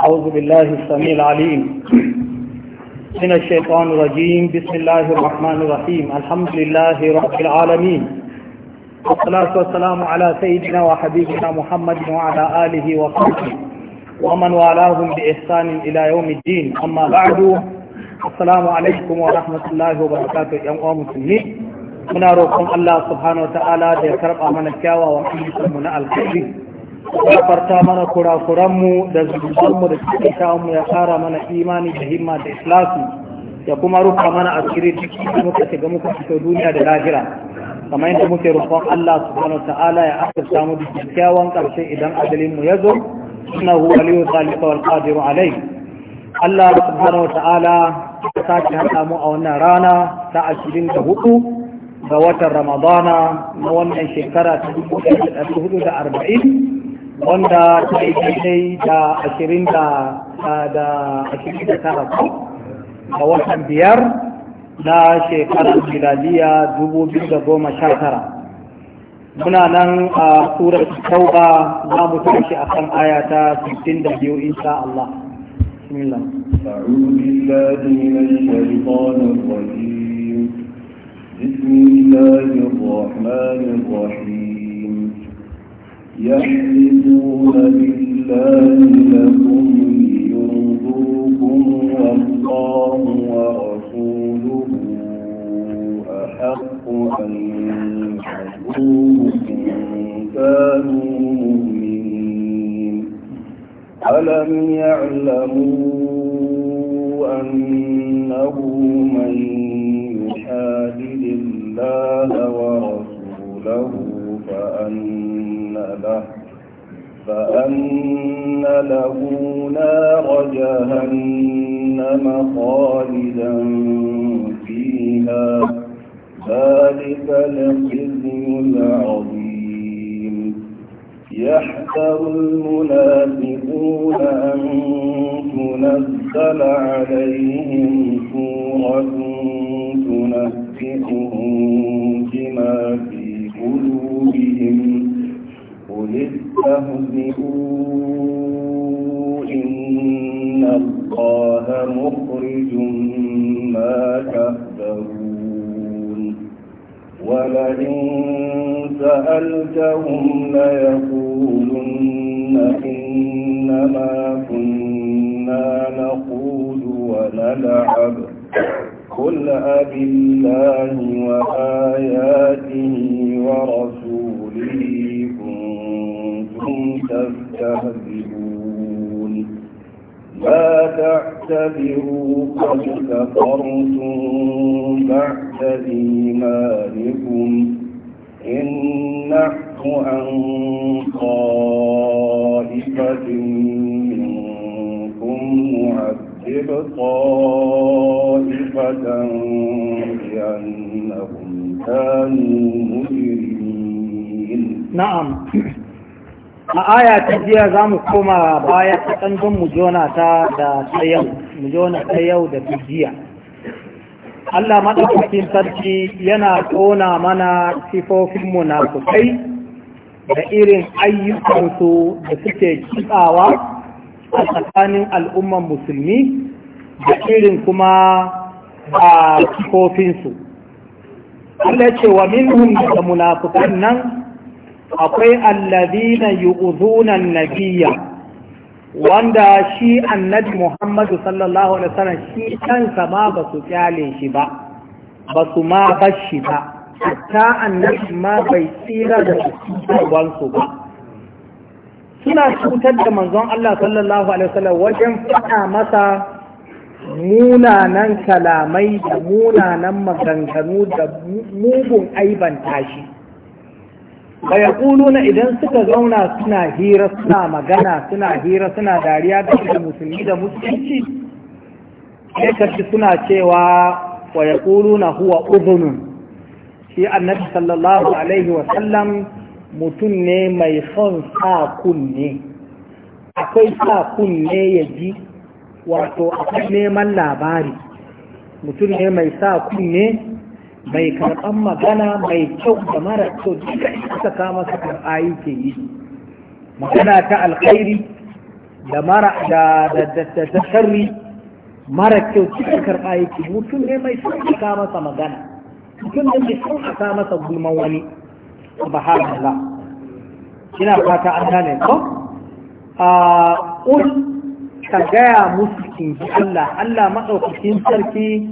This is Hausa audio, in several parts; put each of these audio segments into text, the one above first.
أعوذ بالله السميع العليم من الشيطان الرجيم بسم الله الرحمن الرحيم الحمد لله رب العالمين والصلاة والسلام على سيدنا وحبيبنا محمد وعلى آله وصحبه ومن والاهم بإحسان إلى يوم الدين أما بعد السلام عليكم ورحمة الله وبركاته يا مسلمين muna roƙon Allah subhanahu ta'ala da ya karɓa mana kyawawan farta mana kurakuranmu da zubanmu da cikin mu ya kara mana imani da himma da islasi ya kuma rufa mana asiri cikin muka shiga muka fito duniya da lahira kamar yadda muke rufon, Allah subhanahu wa ta'ala ya asirta mu da kyakkyawan idan ajalin mu ya zo innahu waliyyu zalika wal qadiru alayh Allah subhanahu wa ta'ala ya sake haɗa mu a wannan rana ta ashirin hudu ga watan Ramadana na wannan shekara ta dubu da arba'in wanda ta yi daidai da ashirin da ashirin da tara a watan biyar na shekarar miladiya dubu biyu da goma sha tara muna nan a turar tauba za mu tashi a kan aya ta biyu insha Allah bismillah أعوذ بالله من الشيطان الرجيم بسم الله الرحمن الرحيم يحلفون بالله لكم ليرضوكم والله ورسوله أحق أن يحبوه إن كانوا مؤمنين ألم يعلموا أنه من يحادد الله ورسوله فأن له فأن له نار جهنم خالدا فيها ذلك الخزي العظيم يحذر المنافقون أن تنزل عليهم سورة فاهزئوا إن الله مخرج ما تهدرون ولئن سألتهم ليقولن إنما كنا نقود ونلعب قل أبالله كفروا قد كفرتم ajiya jiya za mu koma baya a ɗangon mu jona ta da ta yau ta yau da tijiya Allah maɗaukakin sarki yana tona mana sifofin munafukai da irin ayyukansu da suke kitsawa a tsakanin al'umman musulmi da irin kuma a sifofinsu. Allah ce wa minhum da munafukan nan akwai allazina yu'zuna nabiyya wanda shi annabi Muhammadu sallallahu alaihi wasallam shi kansa ma ba su kyale shi ba ba su ma bashi ba hatta annabi ma bai tsira da su ba suna cutar da manzon Allah sallallahu alaihi wasallam wajen faɗa masa munanan kalamai da munanan maganganu da mugun aibanta shi ba ya na idan suka zauna suna hira suna magana suna hira suna dariya da musulmi da musulunci sai kashi suna cewa wa ya na huwa uzunin shi annabi sallallahu alaihi wasallam mutum ne mai son sa kunne akwai sa kunne ya ji wato akwai neman labari mutum ne mai sa kunne mai karɓan magana mai kyau da mara kyau duka aka kama su karɓa yake yi magana ta alkhairi da mara da da da sharri mara kyau duka karɓa yake mutum ne mai sauƙaƙa masa magana mutum ne mai sauƙaƙa masa gulman wani subhanallah ina fata an gane ko a ul ka gaya musu kin ji Allah Allah maɗaukakin sarki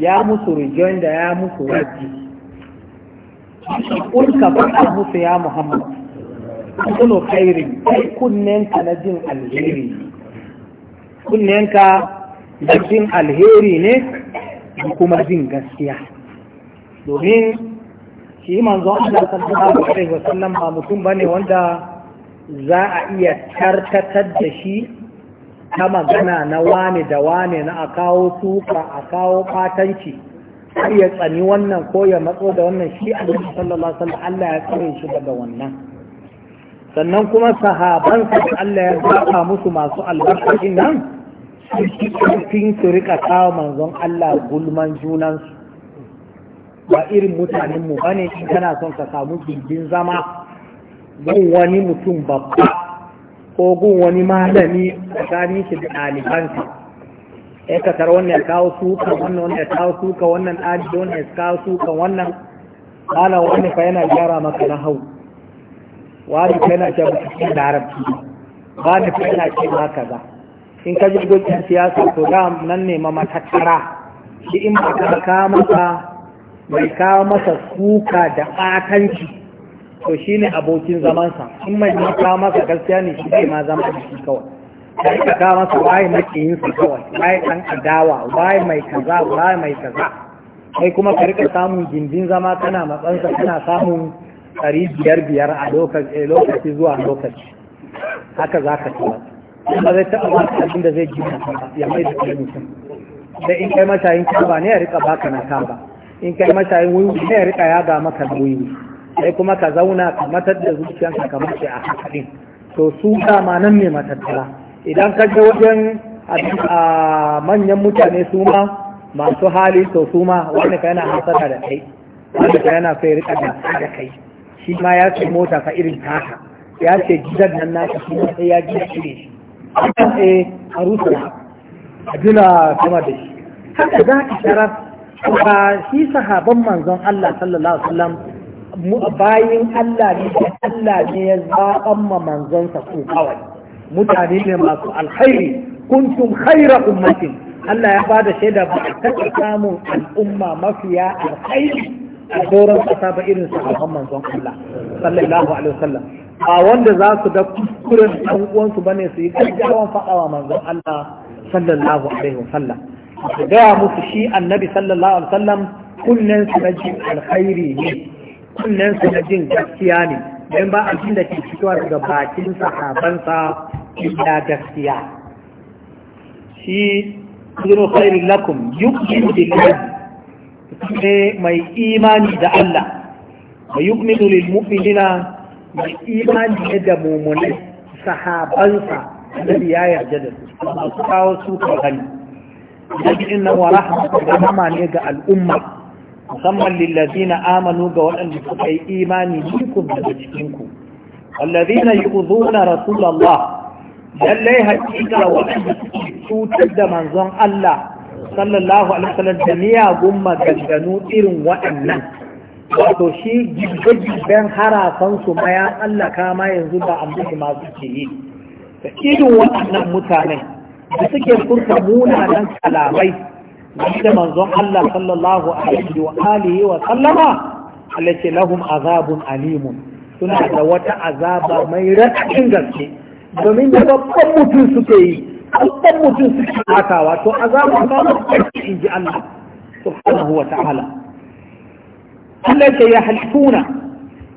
ya musu rijon da ya musu waji kulka faɗa musu ya muhammad kulo kairi kai kunnenka na jin alheri kunnenka na jin alheri ne da kuma jin gaskiya domin shi manzo Allah sallallahu alaihi wasallam ba mutum bane wanda za a iya tartatar da shi ta magana na wane da wane na a kawo tuka a kawo fatanci har ya tsani wannan ko ya matso da wannan shi annabi sallallahu alaihi Allah ya tsare shi daga wannan sannan kuma sahaban su Allah ya zaba musu masu albarka nan sun su rika kawo manzon Allah gulman junansu ba irin mutanenmu ba ne kana son ka samu gindin zama don wani mutum babba ko gun wani malami tsakanin shi da alifansa ya kasar wannan ya kawo suka wannan wannan ya kawo suka wannan ɗalibi wannan ya kawo suka wannan ala wani fa yana gyara maka na hau wani fa yana ce baka cikin larabci wani fa yana ce maka za in ka ji gudun siyasa to da nan ne ma matakara shi in ba ka kawo masa mai kawo masa suka da ɓatanci to shi ne abokin zamansa in mai ma kawo masa gaskiya ne shi zai ma zama da shi kawai sai ka kawo masa waye makiyinsa kawai waye ɗan adawa waye mai kaza waye mai kaza sai kuma ka rika samun gindin zama kana matsansa kana samun ɗari biyar biyar a lokaci eh, zuwa lokaci haka za ka tura Ba zai taɓa ba ka abin da zai gina ya mai da kai mutum da in kai mashayin kaba ne ya rika baka na kaba in kai mashayin wuyu ne ya rika yaga maka da wuyu sai kuma ka zauna ka matar da zuciyanka ka mace a haka to su dama nan ne matattara idan ka je wajen a manyan mutane su ma masu hali to su ma wani ka yana hasara da kai wani ka yana sai rika da kai shi ma ya ce mota ka irin taka ya ce gidan nan na shi ma sai ya gina shi shi akan eh a harusa a gina sama da shi haka za ka tarar shi sahaban manzon Allah sallallahu alaihi wasallam bayin Allah ne da Allah ne ya zaɓan ma manzansa ku kawai mutane ne masu alkhairi kuntum khaira ummatin Allah ya bada shaida ba a taɓa samun al'umma mafiya alkhairi a doron kasa ba irin sahabban manzon Allah sallallahu alaihi wasallam ba wanda za su da kuskuren ɗan uwansu ba ne su yi gaggawan faɗawa manzon Allah sallallahu alaihi wasallam su gaya musu shi annabi sallallahu alaihi wasallam kunnen su na alkhairi ne su na jin gaskiya ne don ba abin da ke fitowa daga bakin sahabansa illa gaskiya shi zuru khairu lakum yuqminu billahi ne mai imani da Allah wa yuqminu lil mu'minina mai imani da mu'minai sahabansa da ya yarda da su masu kawo su kan hali da inna wa rahmatu rahama ne ga al'umma musamman lillazina amanu ga waɗanda suka yi imani minkum daga cikinku wallazina yu'zuna rasulullah lallai hakika waɗanda suke cutar da manzon Allah sallallahu alaihi wasallam da miyagun maganganu irin waɗannan wato shi gibe-giben harafansu ma ya tsallaka ma yanzu ba amfani masu ke yi da irin waɗannan mutanen da suke furta munanan kalamai da manzon Allah sallallahu alaihi wa alihi wa sallama alake lahum azabun alimun suna da wata azaba mai raɗaɗin gaske domin da babban mutum suke yi babban mutum suke hakawa to azaba ba mutum in ji Allah subhanahu wa ta'ala Allah ke ya halittuna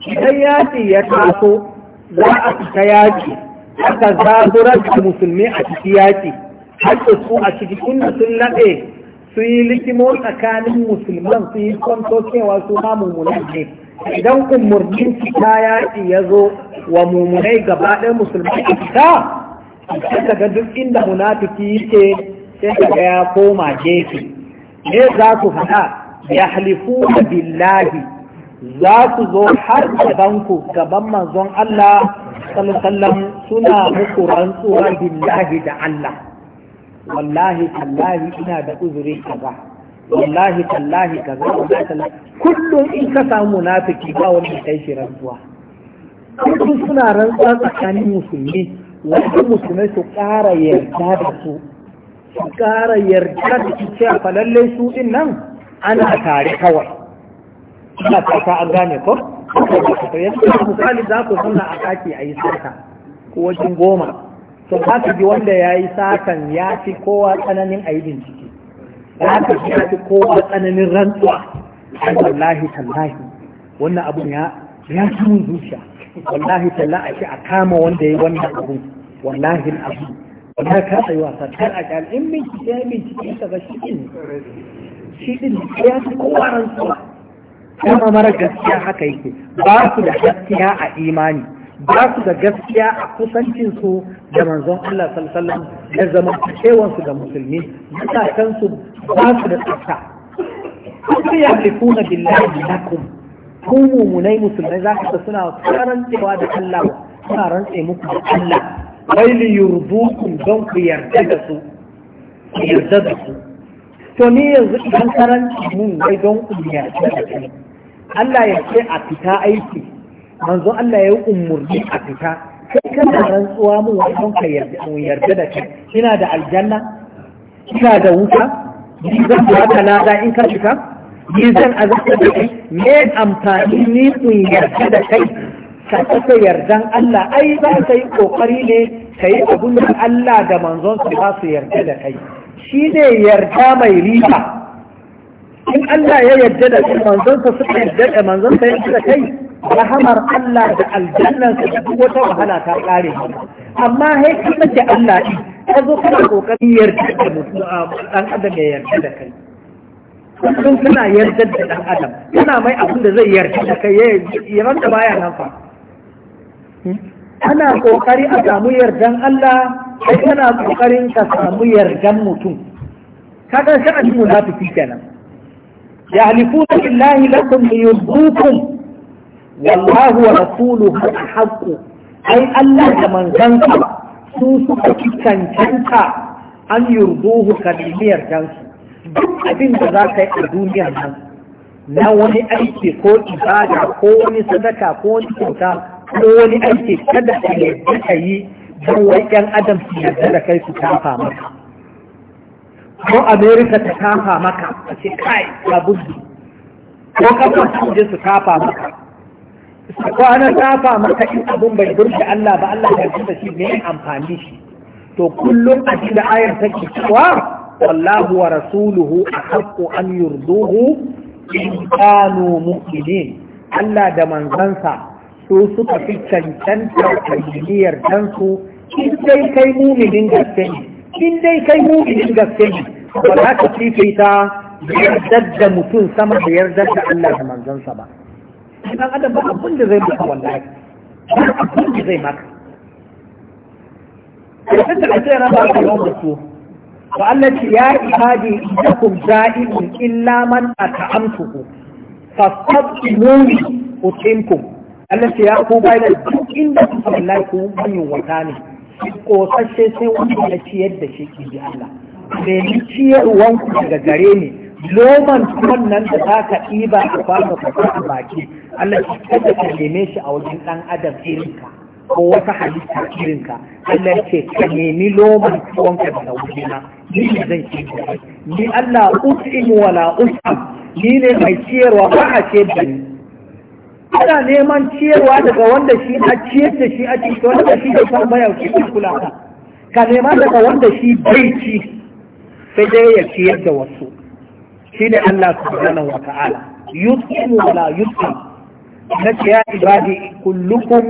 idan yaƙi ya taso za a fita yaƙi aka zaburar da musulmi a cikin yaƙi har su a ciki inda sun laɗe Suyi yi likimo tsakanin musulman su yi kwanto cewa su ma mummunai ne idan umarnin fita yaƙi ya zo wa mummunai gaba ɗaya musulmai a fita sai daga duk inda munafiki yake sai daga ya koma gefe ne za su faɗa ya halifu da billahi za su zo har ku gaban manzon Allah sallallahu suna muku rantsuwa billahi da Allah wallahi tallahi ina da uzuri kaza wallahi tallahi kaza wallahi tallahi kullum in ka samu munafiki ba wani kai shi rantsuwa kullum suna rantsuwa tsakanin musulmi wanda musulmai su ƙara yarda da su su ƙara yarda da su cewa fa lallai su din nan ana tare kawai ina fata an gane ko yanzu misali za ku zauna a ɗaki a yi sarka ko wajen goma to haka ji wanda ya yi satan ya fi kowa tsananin a yi ya haka ji ya fi kowa tsananin rantsuwa ai wallahi tallahi wannan abun ya ya mun zuciya wallahi tallahi a kama wanda ya yi wannan abun wallahi abu wallahi ka tsayi wasa kar a kyal in bincike ya bincike ka ga shi din shi din ya fi kowa rantsuwa kuma mara gaskiya haka yake ba su da gaskiya a imani ba su da gaskiya a kusancinsu da manzon Allah sallallahu ya zama kewansu da musulmi su ba su da tsafta kuma ya fi kuna billahi lakum kun mumunai musulmai za ka suna karancewa da Allah suna rantse muku da Allah wai li yurdukum don ku yarda da su ku yarda da su to ni yanzu idan karanci mun wai don ku yarda da su Allah ya ce a fita aiki manzo Allah ya yi umurni a fita sai kana rantsuwa mu wannan ka yarda mu yarda da kai ina da aljanna ina da wuta ni zan baka lada in ka fita ni zan azabta da kai me amfani ni kun yarda da kai ka saka yardan Allah ai ba ka yi kokari ne ka yi abin da Allah da manzon su ba su yarda da kai shi ne yarda mai riba in Allah ya yarda da kai manzon sa suka yarda da manzon sa yarda da kai rahamar Allah da aljannan su duk wata wahala ta kare amma sai ka mace Allah din ka zo kana kokarin yarda da mutum dan adam ya yarda da kai kun kana yarda da dan adam kana mai abin da zai yarda da kai ya ranta baya nan fa ana kokari a samu yardan Allah sai kana kokarin ka samu yardan mutum kaga sha'anin munafiki kenan ya halifuna billahi lakum liyudhukum wallahu wa rasuluhu haqqu ai Allah da manzansa su suka ci cancanta an yurduhu kalimiyar kansu duk abin za ka a duniyar nan na wani aiki ko ibada ko wani sadaka ko wani kyauta ko wani aiki kada ka yarda ka yi don wai ƴan adam su da kai su tafa maka ko amerika ta tafa maka a kai ka ko kafa su je su tafa maka kwana tsafa maka in abin bai burge Allah ba Allah ya ji shi ne amfani shi to kullum a cikin ayar take cewa wallahu wa rasuluhu ahqqu an yurduhu in kanu mu'minin Allah da manzansa su suka fi cancanta tarbiyyar dansu in dai kai muminin gaske ne in dai kai muminin gaske ne ba za ka fifita yardar da mutum sama da yardar da Allah da manzansa ba shi dan adam ba abin da zai maka wallahi ba abin da zai maka sai da ake raba ka yau da su fa Allah ce ya ibadi idakum ja'ilun illa man ata'amtuhu fastaqimu utimkum Allah ce ya ku bai da duk inda ku wallahi ku manyan wata ne kosashe sai wani ya ciyar da shi ki Allah bai ciyarwan wanku daga gare ni loman tuwon nan da za ka ɗiba a kwano ka a baki Allah shi kada ka neme shi a wajen ɗan adam irinka ko wata halitta irinka Allah ce ka nemi loman tuwon ka daga wajena ni ne zan ce ni Allah us'im wala us'am ni ne mai ciyarwa ba a ce da ni ana neman ciyarwa daga wanda shi a ciyar da shi a cikin wanda shi da san bayar shi kula ka ka nema daga wanda shi bai ci sai dai ya ciyar da wasu ne Allah subhanahu wa ta'ala yutqimu wa la na nace ya ibadi kullukum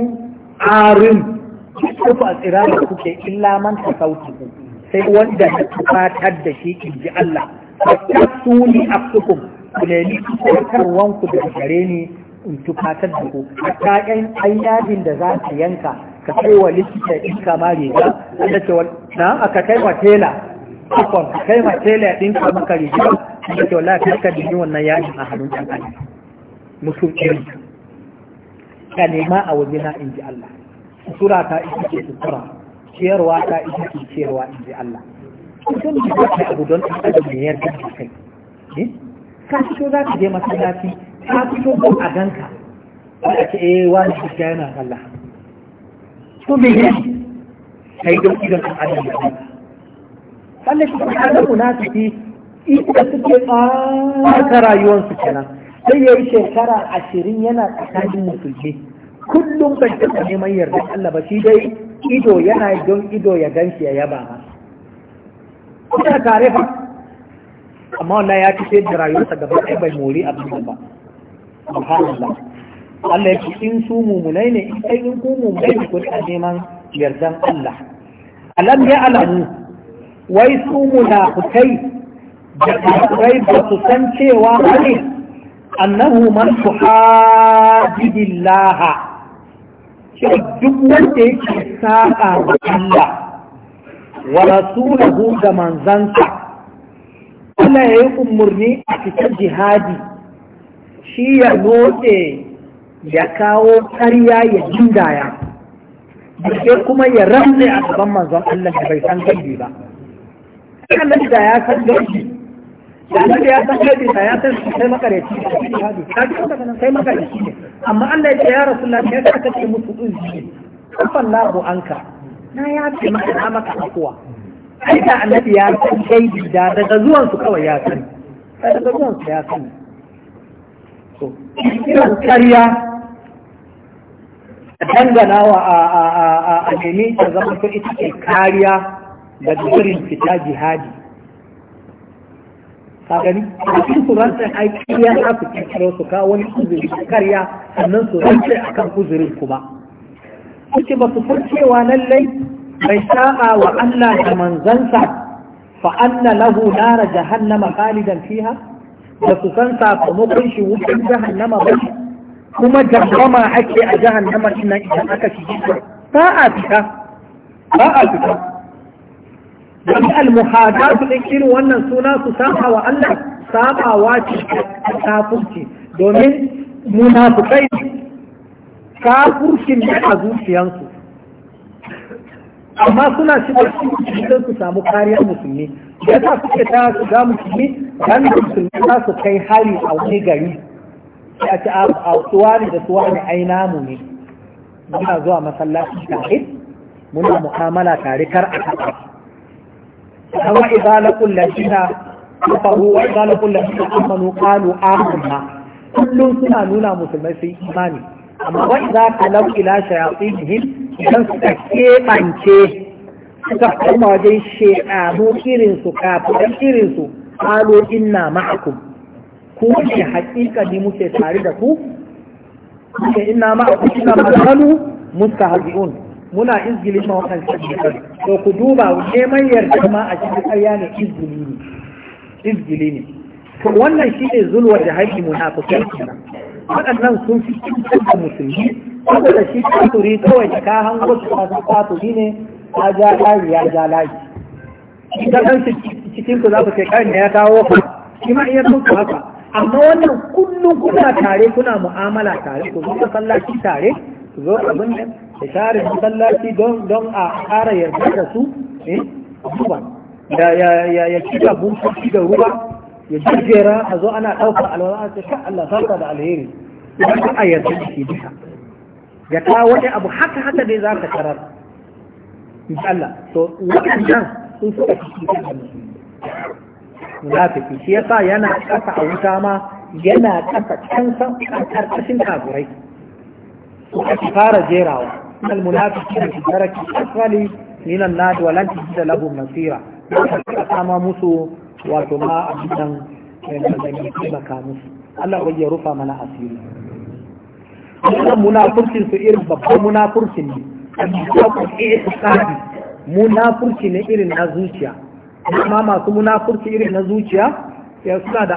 arim kuku tsira da kuke illa man tasawtu sai wanda na tufatar da shi in ji Allah ta suni a afsukum ku ne nemi tufatarwan ku da gare ni in tufatar da ku a ta'yan ayyadin da za ta yanka ka kai wa likita in kama riga wanda ce na aka kai wa tela ka kai ma tela ɗin kama riga da ke wala ta ka dini wannan yajin a hannun ɗan adam mutum iri ka nema a waje na inji Allah sura ta ita ce sura ciyarwa ta ita ce ciyarwa inji Allah mutum ji ya ce abu don ɗan adam ne yarda da kai eh? ka to za ka je masallaci ka ci ko a ganka ka ce eh wani gaskiya yana Allah to me ne kai don idan an adam ya Allah shi ka da munafiki ita suke ɓata rayuwarsu kenan sai ya yi shekara ashirin yana tsakanin musulmi kullum ban taɓa neman yarda Allah ba shi dai ido yana don ido ya gan shi ya yaba ba kuna tare fa amma wannan ya ci da rayuwarsa gaba ɗaya bai mori a ba subhanallah Allah ya ce in su mumunai ne in kai in ku mumunai ne ku ta neman yardan Allah alam ya alamu wai su munafukai da ba su san cewa hali annahu man tuhadillaha shi duk wanda yake sa'a da Allah wa rasulahu da manzansa Allah ya yi umarni a fitar jihadi shi ya lotse ya kawo karya ya jindaya da kuma ya ramle a gaban manzon Allah da bai san ba Allah da ya san kalbi da ya san hadisa ya san sai maka da makareci sai da ne amma Allah ya ce ya rasulullah ya ka kace musu uzuri kafallahu anka na ya ce maka na maka akuwa ai da annabi ya san shaidi da daga zuwan su kawai ya san daga zuwan su ya san to kiran kariya dangana wa a a a a nemi ta zama ita ce kariya daga gurin fita jihadi ka gani cikin su rantsa aiki ya za su kirkiro su kawo wani uzuri karya sannan su rantsa akan uzurin kuma kuke ba su san cewa lallai bai sa'a wa Allah da manzansa fa anna lahu nara jahannama khalidan fiha da su san sakamakon shi wutar jahannama ba kuma jahannama ake a jahannama ina idan aka shige ta ba a fita ba a fita wani su ɗin irin wannan suna su saba wa Allah sabawa ce kafurci domin munafikai kafurcin ne a zuciyansu amma suna shi da su samu kariyar musulmi ya sa suke ta su ga musulmi dan musulmi za su kai hari a wani gari a ci a tsuwani da tsuwani ai namu ne muna zuwa masallaci tare muna mu'amala tare kar a kafa kama idza laqul ladina kafaru wa idza laqul amanu qalu amanna kullum suna nuna musulmai sun imani amma wa idza kalau ila shayatinihim idan suka keɓance suka koma wajen shekaru irinsu kafiran irinsu kalo inna ma'akum ku ne hakika ne muke tare da ku muke inna ma'akum ina masalu mustahazi'un muna izgili ma wannan cikin to ku duba neman yarda ma a cikin ƙarya ne izgili ne izgili ne to wannan shi ne zulwa da haƙi munafikai kenan waɗannan sun fi cikin da musulmi saboda shi kafiri kawai ka hango su ka san kafiri ne ta ja layi ya ja layi idan ɗan cikin ku za ku kai ƙarin ya kawo ku. shi ma iya sun haka amma wannan kullum kuna tare kuna mu'amala tare ku zo masallaci tare ku zo abin nan da share masallaci don don a ƙara yarda da su eh ruwa ya ya ya ya kika da ruwa ya jirgera a zo ana ɗauka alwala a ka Allah sarka da alheri idan a yarda da shi duka ya kawo wani abu haka haka dai za ka tarar insha to waɗannan sun suka ta da munafiki shi sa yana ƙasa a wuta ma yana ƙasa can san ƙarƙashin kagurai su ake fara jerawa من المنافقين في الدرك الأسفل من النار ولن تجد لهم نصيرا kama musu wato ma من mai taimaka musu Allah bai من rufa mana asiri wannan munafurcin su irin babban munafurcin ne abin munafurci ne irin na zuciya amma masu munafurci irin na zuciya ya suna da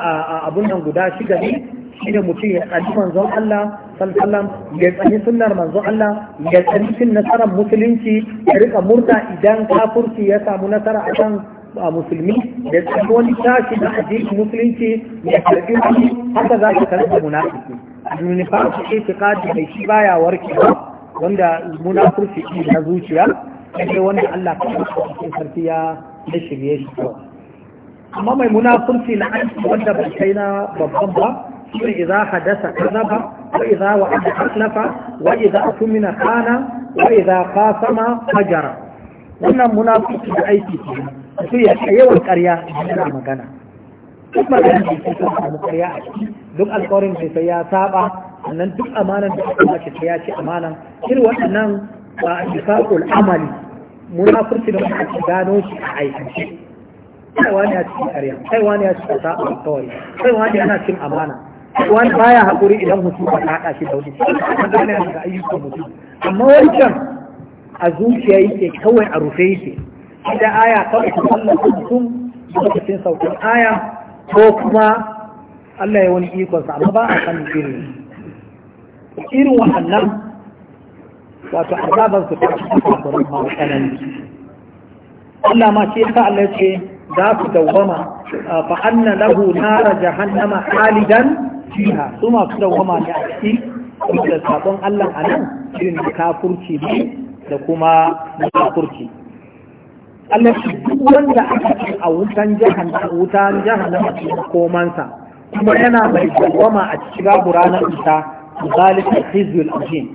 abun nan guda shida ne shi ne mutum ya kalli manzon Allah sallallahu ya tsani sunnar manzo Allah ya tsani cin nasarar musulunci ya rika murna idan kafurci ya samu nasara a akan a musulmi da tsani wani tashi da addinin musulunci ya karbi wani haka za ka karbi munafiki munafiki ke tikadi mai shi baya warkewa wanda munafurci na zuciya sai wanda Allah ka cikin sarki ya da shirye shi amma mai munafurci na aiki wanda bai kai na babban ba إذا حدث كذب وإذا وعد أخلف وإذا أؤمن خان وإذا قاسم فجر wannan munafiki da aiki ke su ya yawan ƙarya yana magana duk magana da ke sun samu ƙarya a ciki duk alƙawarin da sai ya saba sannan duk amanan da aka mace sai ya ci amanan irin waɗannan ba a shifakul amali munafurci da muka ci gano shi a aikace kai wani ya ci ƙarya kai wani ya ci saba alƙawari kai wani yana cin amana wani baya haƙuri idan ba ta haɗa shi da wani cikin gane da ayyukan mutum amma wancan a zuciya yake kawai a rufe yake ita aya kawai ta kalla mutum lokacin saukin aya ko kuma Allah ya wani ikon sa amma ba a san irin irin waɗannan wato azaban su ta kafarin ma tsanani Allah ma ce ta Allah ce za su dawwama fa anna lahu nara jahannama alidan. fiha su masu dawama ne a ciki kuma da sabon Allah a nan irin da kafurci ne da kuma kafurci Allah shi duk wanda aka ce a wutan jahannama wutan jahannama komansa kuma yana mai dawama a cikin gabura na ita zalika hizbul azim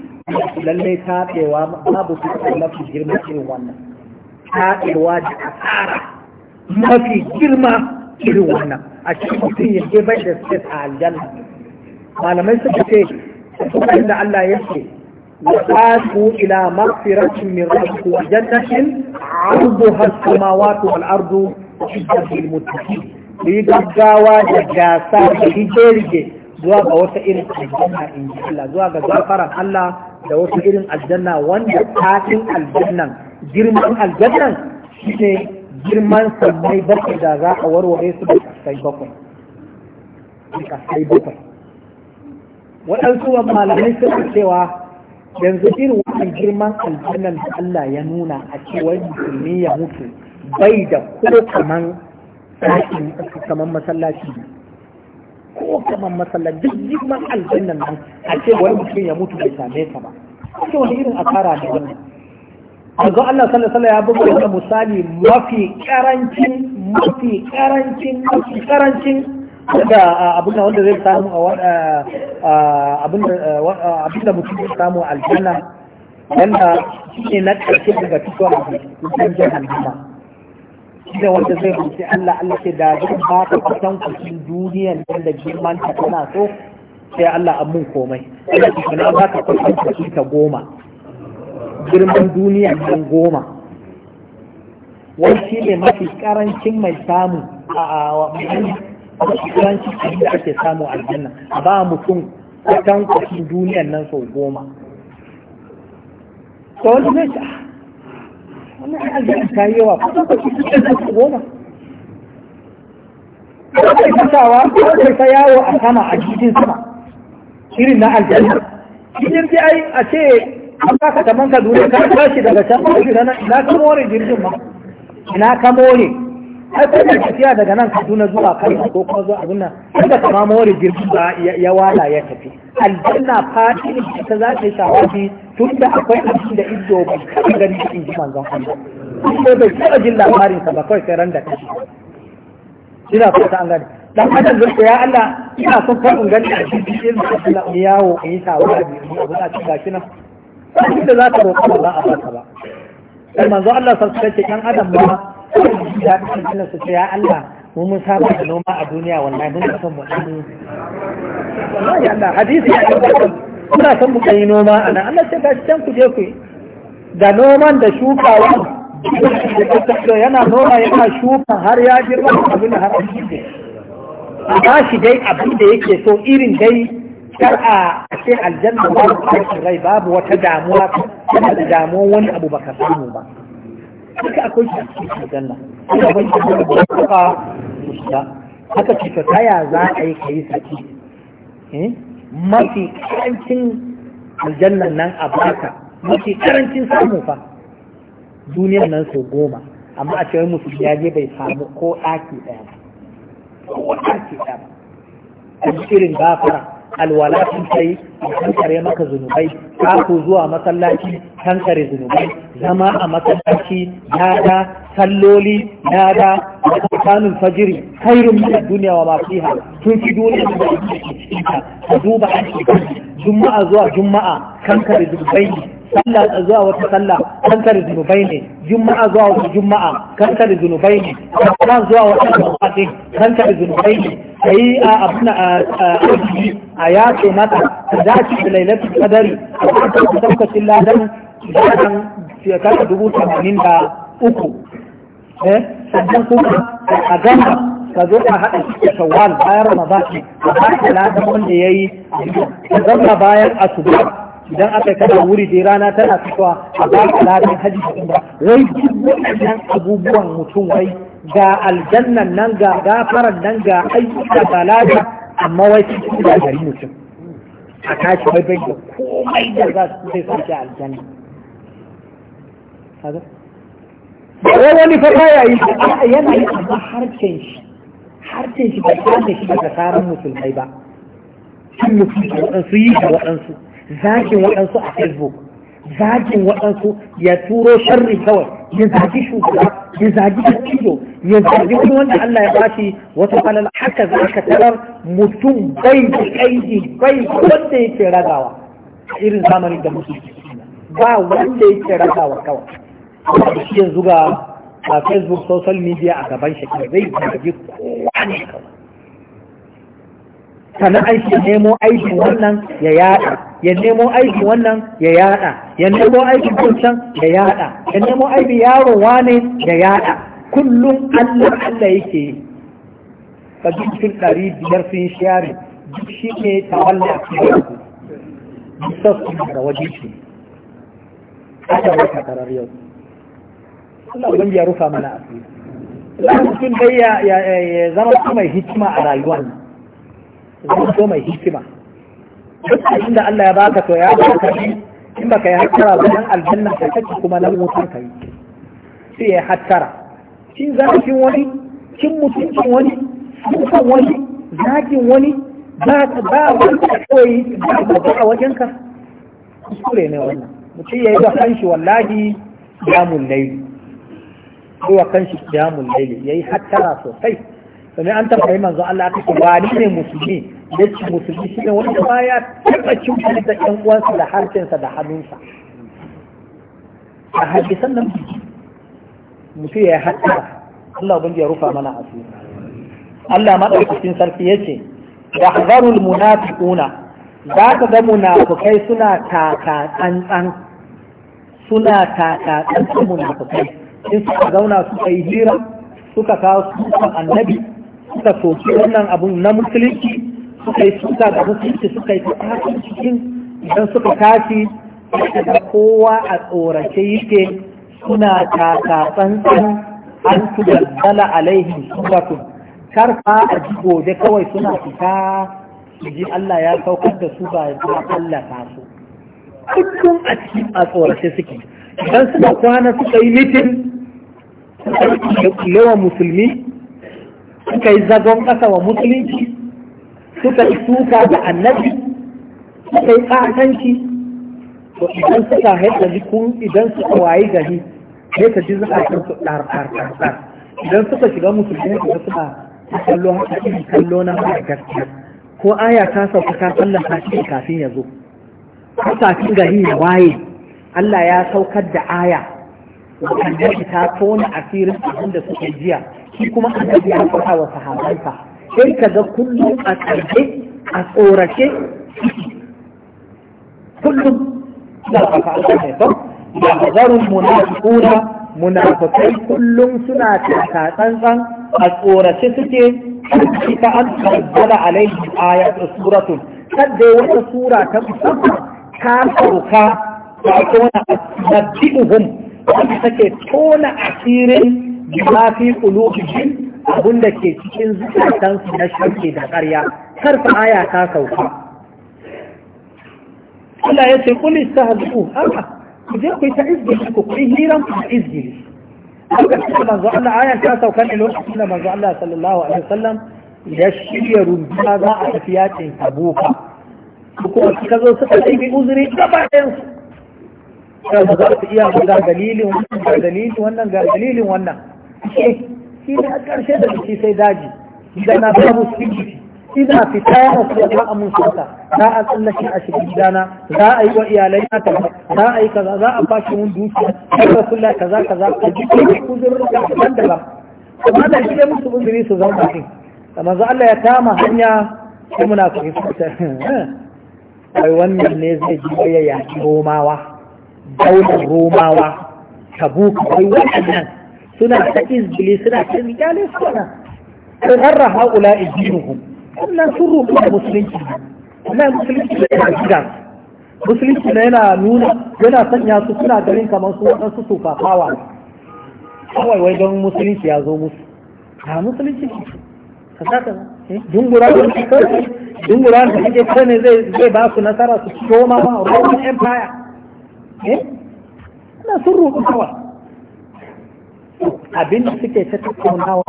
lalle ta tsewa babu fitar mafi girma irin wannan ta tsewa da asara mafi girma irin wannan a cikin mutum ya bai da sit a aljanna malamai suka ce inda Allah ya ce min وقاتوا إلى مغفرة من ربكم وجنة عرضها السماوات والأرض حجة da gasa da ليجيرجي zuwa ga wata irin aljanna in Allah zuwa ga gafaran Allah da wata irin aljanna wanda fatin aljannan girman aljannan shine girman sammai bakwai da za a warware su da kasai bakwai waɗansu wa malamai suna cewa yanzu irin wannan girman aljannan da Allah ya nuna a cewar musulmi ya mutu bai da ko kaman ɗakin kaman masallaci ko kaman masallaci duk girman aljannan nan a cewar mutum ya mutu bai same ka ba ake wani irin asara ne wannan yanzu Allah sallallahu ya buga wani misali mafi karancin mafi karancin mafi karancin da abinda wanda zai samu a abinda mutum zai samu a aljanna wanda shine na ƙarshe daga cikin mutum jahannama shi da wanda zai huce Allah Allah ke da zai ba ka kusan kusin duniyan nan da girman ta tana so sai Allah an komai Allah ke kana ba ka kusan kusin ta goma girman duniya nan goma wai shi ne mafi karancin mai samu a wani yawanci abin da ake samu aljanna a ba mutum kwatan kwashin duniyan nan sau goma to wani zai ce ah, wannan aljanna ta yi yawa kwatan kwashin duniyan nan sau goma kai fasawa kai ta yawo a sama a jirgin sama irin na aljanna jirgi ai a ce an baka kaman ka duniya ka tashi daga can ba ina ka more jirgin ma ina ka more har sai da tafiya daga nan Kaduna zuwa Kano ko kuma zuwa abin nan da kama more jirgin ba ya wala ya tafi aljanna fati ne ta za ta yi tawafi tun da akwai abin da ido ba kan gani cikin ji manzon Allah ko bai taɓa jin labarin sa ba kawai sai ran da kashi ina ta an gani dan adam zai ya Allah ina son kar in gani a cikin da Allah mu yawo in yi tawafi abu da cikin gashi nan ba inda za ta roƙa ba a ba ta ba manzo Allah ce kan adam ba da ta kankana su ya Allah mu mun saba da noma a duniya wallahi mun san mu dan wallahi Allah hadisi ya tabbata kuna san mu kai noma ana Allah ce ga can ku je ku da noman da shukawa yana noma yana shuka har ya girma abin har an yi ba shi dai abin da yake so irin dai kar a ce aljanna babu rai babu wata damuwa da damuwan wani abu baka samu ba haka akwai shi a cikin aljanna haka akwai shi a cikin aljanna haka ce ka kaya za a yi ka yi saki eh? mafi karancin aljannan nan a baka mafi karancin samu fa duniyar nan sau goma amma a cewa musulmi ya je bai samu ko ɗaki ɗaya ba ko ɗaki ɗaya ba a irin gafara alwala sun kai tankare maka zunubai kaku zuwa masallaci tankare zunubai zama a masallaci yada, salloli yada, tsakanin fajiri khairun min duniya wa ma fiha tun fi duniya da ke cikin ta duba a an juma'a zuwa juma'a kankare zunubai ne, sallah zuwa wata sallah kankare zunubai ne juma'a zuwa wata juma'a kankare zunubai ne ramadan zuwa wata ramadan kankare zunubai ne kai a abuna a a yace mata ta dace da lailatul qadari a cikin daukacin ladan ladan shekara dubu tamanin da uku eh sannan kuma a gama ka zo a haɗa shi da shawwal bayan ramadan a haɗa ladan wanda ya yi ka zama bayan asuba idan aka yi kada wuri da rana tana fitowa a baka ladan haji da umra wai duk waɗannan abubuwan mutum wai ga aljannan nan ga gafaran nan ga ayyuka ga ladan amma wai sun da gari mutum a tashi wai bai da komai da za su zai sauke a aljanna wai wani fa baya yi yana yi amma harshen shi harshen shi bai kama shi daga tsarin musulmai ba sun mutum waɗansu yi da waɗansu zakin waɗansu a facebook zagin waɗansu ya turo sharri kawai ya zagi shugaba ya zagi cido ya zagi wani wanda Allah ya bashi wata falala haka za ka tarar mutum bai da kaidi bai wanda yake ragawa a irin zamanin da mutum ba wanda yake ragawa kawai shi yanzu ga a facebook social media a gaban shi zai zagi kowa ne kawai sana'ar shi nemo aiki wannan ya yada ya nemo aikin wannan ya yada ya nemo aikin kuncan ya yada ya nemo aikin yaron wane ya yada kullum allah allah yake yi ka jikin ɗari biyar sun share duk shi ne tawalla a cikin yanku sassu da waje shi aka wata takarar yau Allah ubin ya rufa mana asiri. Lakin dai ya zama mai hikima a rayuwar nan. zanto mai hikima duk abin da Allah ya baka to ya baka ne in baka yi hattara ba dan aljanna ka kake kuma nan wutar kai sai ya hattara shin zakin wani cin mutuncin wani dukan wani zakin wani ba ba wani kawai ba ba a wajenka kuskure ne wannan mutum ya yi wa kanshi wallahi ya damun laili yi wa kanshi damun laili ya yi hattara sosai domin an taba tambayi manzo Allah ta ba ni ne musulmi yace musulmi shi ne wanda ba ya taba cutar da ɗan uwansa da harshensa da hannunsa a hadisan nan mutum ya yi haɗa Allah ubangi ya rufa mana asiri Allah madaukakin sarki ya ce, yace yahzarul munafiquna za ka ga munafukai suna taka tsantsan suna taka tsantsan munafukai in suka zauna suka yi hira suka kawo sukan annabi suka soki wannan abun na musulunci suka yi suka da musulunci suka yi tafi cikin idan suka tashi da kowa a tsorace yake suna tsantsan an tubaddala alaihim suratun kar karfa a ji gobe kawai suna fita su ji Allah ya saukar da su ba ya Allah su kullum a cikin a tsorace suke idan suka kwana suka yi mitin yawan musulmi suka yi zagon ƙasa wa musulunci suka yi suka da annabi suka yi ƙasanci to idan suka haɗa jikun idan suka wayi gari sai ka ji kan su ɗar ɗar ɗar idan suka shiga musulmi su suna kallo haka irin kallo na haka gaskiya ko aya ta sauka ta sallan hashi kafin ya zo ko kafin gari ya waye Allah ya saukar da aya wannan ta tona asirin abin da suke jiya shi kuma annabi ya faɗa wa sahabansa sai ka ga kullum a tsarge a tsorace kullum za ka faɗa mai ba da zarun munafiquna munafikai kullum suna taka tsantsan a tsorace suke ka an tabbala alaihi ayatu suratun kadai wata sura ta musamman ka sauka ta kona nabbi'uhum wanda take tona asirin ma fi qulubihim abinda ke cikin zukatansu na shirke da ƙarya karfa aya ta sauka Allah ya ce kul istahzu amma ku je ku yi ta izgili ku ku hiran ku ta izgili haka kuma manzo Allah aya ta sauka ne lokacin da manzo Allah sallallahu alaihi wasallam ya shirya rubuta za a tafi yakin Tabuka kuma suka zo suka yi uzuri gaba ɗayan su da za su iya ga dalilin wannan ga dalilin wannan ga dalilin wannan shi ne a ƙarshe da shi sai daji da na samu su ina fita ya wasu ya za'a mun sauka za a tsallake a shiga gidana za a yi wa iyalai na ta za a yi kaza za a bashi mun dukiya har kula kaza kaza a jikin kuzurin da daban daban amma da shi ya musu kuzuri su zama shi. din manzo Allah ya kama hanya sai muna fahimta ai wannan ne zai ji ya yaki romawa daular romawa tabuka kawai waɗannan suna ta izbili suna ta migale suna ko harra haula ijinuhum wannan sun rumu da musulunci na musulunci da yana gida musulunci na yana nuna yana sanya su suna garin kamar su waɗansu fafawa kawai wai don musulunci ya zo musu a musulunci ka saka eh, dungura da kake dungura da kake ne zai ba su nasara su koma ma Roman Empire eh ana sun roƙi kawai abin da suke ta tattaunawa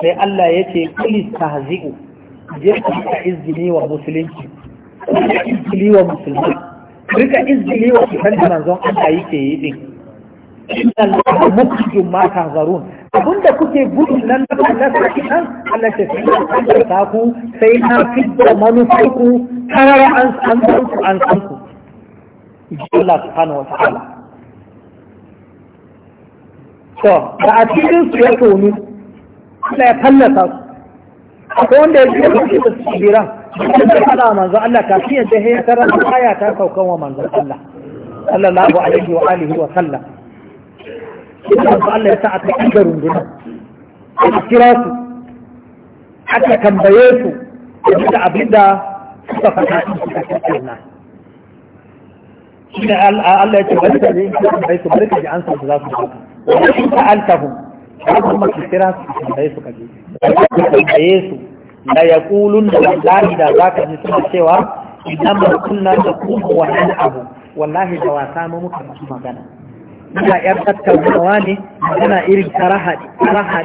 sai Allah ya ce kuli tahzi'u je ka rika izgili wa musulunci rika izgili wa musulmi rika izini wa kusan da manzon Allah yake yi din Allah muku mukhrijum ma tahzarun abinda kuke gudu nan da Allah sai nan Allah ce sai ta ku sai na fidda manufarku karara an san ku an san ku Allah subhanahu wa ta'ala to da a cikin su ya tonu Allah ya fallasa su akwai wanda ya ji da kuke da tsibiran da fada manzo Allah kafin ya je ya tarar aya ta saukan wa manzo Allah sallallahu alaihi wa alihi wa sallam manzo Allah ya sa a cikin runduna a kira su aka tambaye su da abinda suka faɗa suka tattauna shine Allah ya ce bari ka je ka tambaye su bari ka ji an san za su baka in ka altahum kuma ki kira su tambaye su kaje ka tambaye su la yaqulun da wallahi da zaka ji suna cewa idan ba kunna da kuma wannan abu wallahi da wasa mu muka ci magana ina yar tattaunawa ne ina irin karaha karaha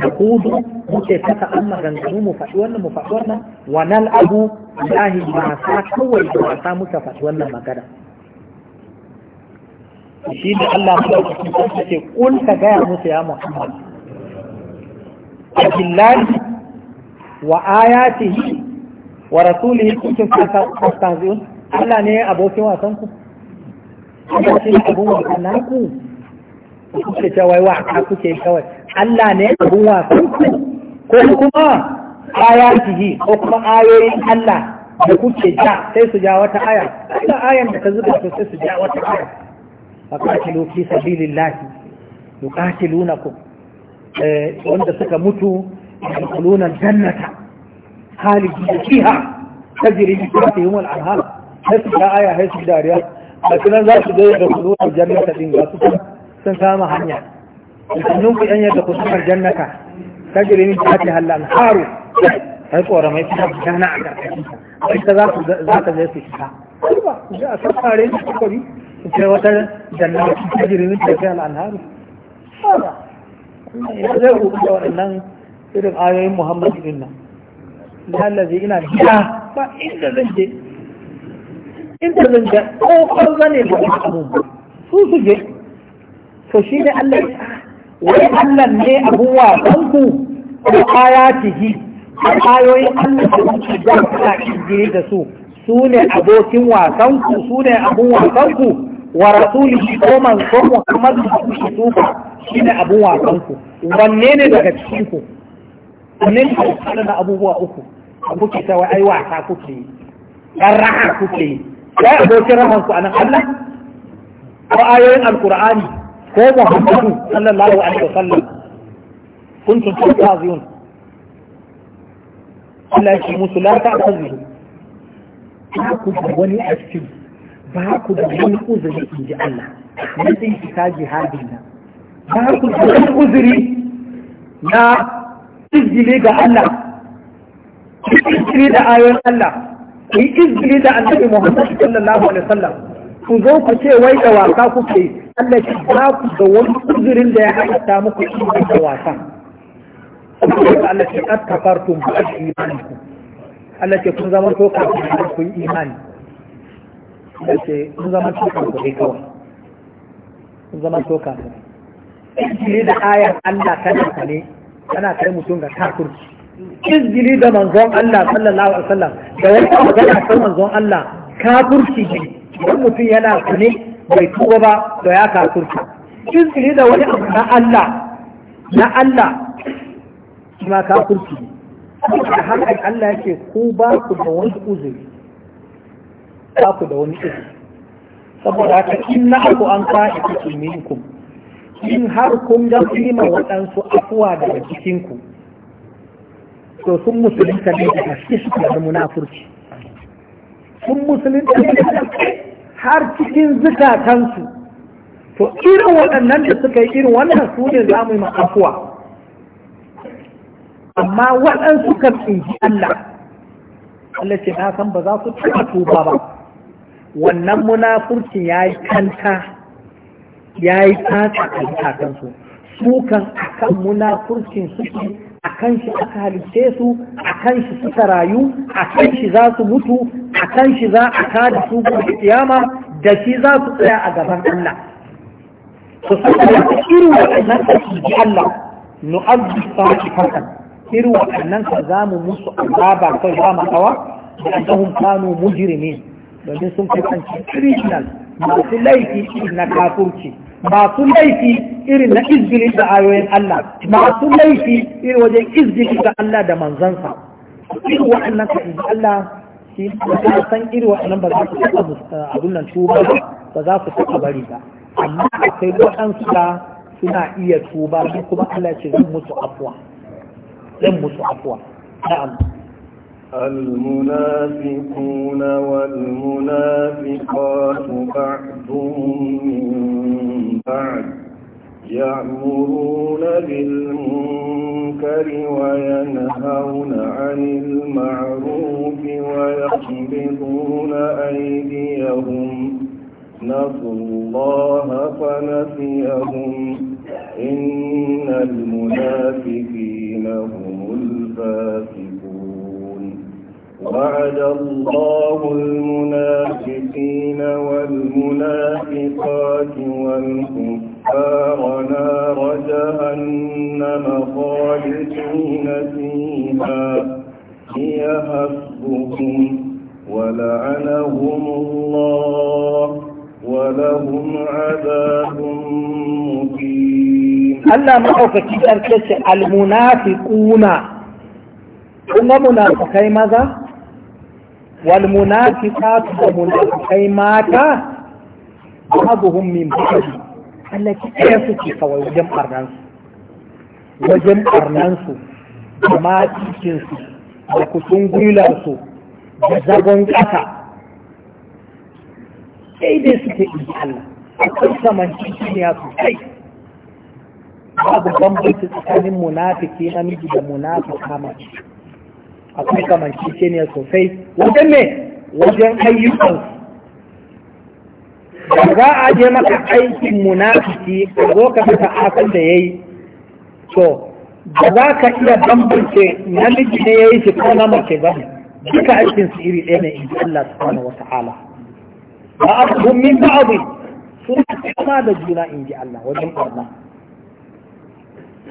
da kudu muke ta ta'an maganganu mu faɗi wannan mu faɗi wannan wannan abu wallahi ba sa kawai da wasa muka faɗi wannan magana shi da Allah madaukakin sarki ce kun ka gaya musu ya Muhammad billahi wa ayati wa kuke kuntum tastahzi'un Allah ne abokin wasan ku Allah shi ne abun wasan naku kuke cewa wai wa kuke kawai Allah ne abun wasan ku ko kuma ayatihi ko kuma ayoyin Allah da kuke ja sai su ja wata aya Allah ayan da ta zuba sai su ja wata aya فقاتلوا في سبيل الله يقاتلونكم wanda suka mutu يدخلون الجنة خالدين فيها تجري من تحتهم الأنهار هسه آية هسه آية؟ داريا لكن لا تجري يدخلون الجنة إن غاتوا سنسامة هنيا الجنوب أن يدخلون الجنة تجري من تحتها الأنهار هيك ورا ما يفتح جهنم أكثر أنت ذات ذات ذات الشتاء أيوة جاء سبحانه وتعالى sai wata janna ta jirgin da kai al'anharu zai hukun da waɗannan irin ayoyin muhammad din nan lalazi ina jiya. ba inda zan je inda zan je ƙofar zane da abu su su je to shi ne allah wani allah ne abun wasan ku ko aya ciki ayoyin allah da kuke da kuna injiri da su su ne abokin wasanku? su ne abun wasanku wa rasulihi ko manzon Muhammadu shi tufa shine abun wasan ku wanne ne daga cikin ku wanne ne daga abubuwa uku kuke ta wai wasa kuke yi dan raha kuke yi sai abokin rahan ku anan Allah ko ayoyin alqur'ani ko Muhammadu sallallahu alaihi wasallam kuntum taziyun Allah shi musu la ta'tazilu ku wani a cikin ba ku da wani uzuri in ji Allah na sun fita jihadin na. ba ku da wani uzuri na izgile ga Allah ku izgile da ayon Allah ku yi izgile da annabi Muhammad sallallahu alaihi wasallam ku zo ku ce wai da wasa kuke Allah ki ba ku da wani uzurin da ya haɗa muku shi da wasa Allah ki qad kafartum bi imanikum Allah ki kun zama to kafin kun imani da ce sun zama tokan kuɗi kawai sun zama tokan kuɗi ne da ayar Allah ta ne tana kai mutum ga kafirci izgili da manzon Allah sallallahu alaihi wasallam da wani magana ta manzon Allah kafirci ne idan mutum yana kune bai tuba ba da ya kafirci izgili da wani abu na Allah na Allah shi ma kafirci ne da haka Allah yake ku ba ku da wani uzuri ba ku da wani iri saboda haka in na aku an fa'i kuke minku in har kun ga ma waɗansu afuwa daga cikinku to sun musulunta ne suke fiskar munafurci sun musulunta ne har cikin zukatansu to irin waɗannan da suka yi irin wannan su ne za mu yi afuwa amma waɗansu kan tsinji Allah Allah ce na san ba za su taɓa tuba ba wannan munafurcin ya yi kanta ya yi tsaka a zukatansu su kan akan munafurcin suke a kan shi aka halice su a kan shi suka rayu a kan shi za su mutu a kan shi za a kada su gobe kiyama da shi za su tsaya a gaban Allah su suka yi irin waɗannan da su ji Allah nu'abbi sa'i fasan irin waɗannan ka za mu musu azaba kai ba makawa da annahum kanu mujrimin domin sun kasance original masu laifi irin na kafurci masu laifi irin na izgirin da ayoyin Allah masu laifi irin wajen izgirin da Allah da manzansa irin waɗannan ka izi Allah shi ba san irin waɗannan ba za su taɓa eh, abin nan tuba ba za su taɓa bari ba amma akwai waɗansu da suna iya tuba kuma Allah ce zan musu afuwa zan afuwa na'am المنافقون والمنافقات بعضهم من بعد يعمرون بالمنكر وينهون عن المعروف ويقبضون أيديهم نسوا الله فنسيهم إن المنافقين هم الفاسقون وعد الله المنافقين والمنافقات والكفار نار جهنم خالدين فيها هي حسبهم ولعنهم الله ولهم عذاب مقيم الله ما أوكي أن المنافقون هم منافقين ماذا؟ wal munafiqatu wa munafiqai mata ba'dhum min ba'd Allah ki ɗaya suke kawai wajen barnan su wajen barnan su da macikin su da kusun zagon ƙasa sai dai suke inji Allah akwai samanci duniya sosai babu bambanci tsakanin munafiki miji da munafika mace akwai kamanceceniya sosai wajen me wajen ayyukan da za a je maka aikin munafiki ka zo ka fita akan da ya yi to da za ka iya bambance namiji ne ya yi shi ko na mace ba duka aikin su iri ɗaya ne in Allah subhanahu wa ta'ala ba a min ba'd sun kama da juna in ji Allah wajen Allah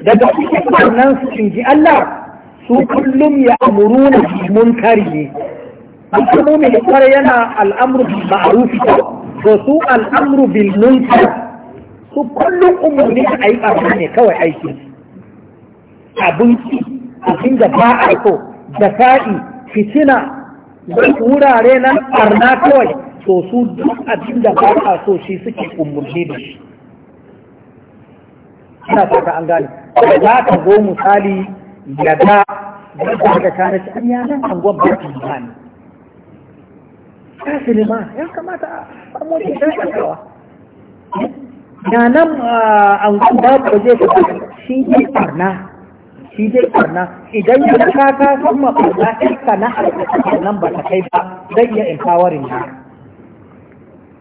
daga cikin wannan su in ji Allah su kullum ya amuru na munkari ne al'amru mai kware yana al'amru bil ma'ruf to su al'amru bil munkar su kullum umarni a yi barna ne kawai aikin abinci abin da ba a so da fa'i fitina wurare na barna kawai to su duk abin da ba a so shi suke umarni da shi ina fata an gane za ka zo misali ya ga yadda aka kare shi an yanan angon ba ta ba ne kafin ma ya kamata a samu da shakatawa na nan angon ba ta zai ta shi dai barna shi dai barna idan ya ka ka san ma barna ka na alƙasar nan ba ta kai ba zai iya in empowering ya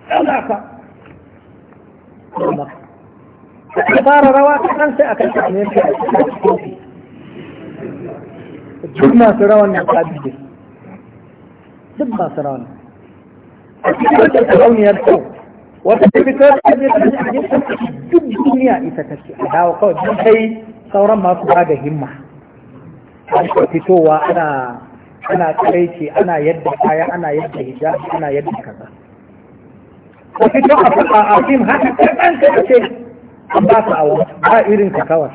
ɗaukaka ta fara rawa kaɗan sai a kan shi ne ta cikin duk masu rawan na kabi duk masu rawan a cikin wata sarauniyar kyau wata ta fitar da ne ta jirgin duk duniya ita ta ce a dawo kawai duk kai sauran masu ba da himma a fitowa ana ana tsaraici ana yadda kaya ana yadda hijabi ana yadda kaza ka fito a fuka a fim haka kaɗan ka ce an ba su awa ba irin ka kawai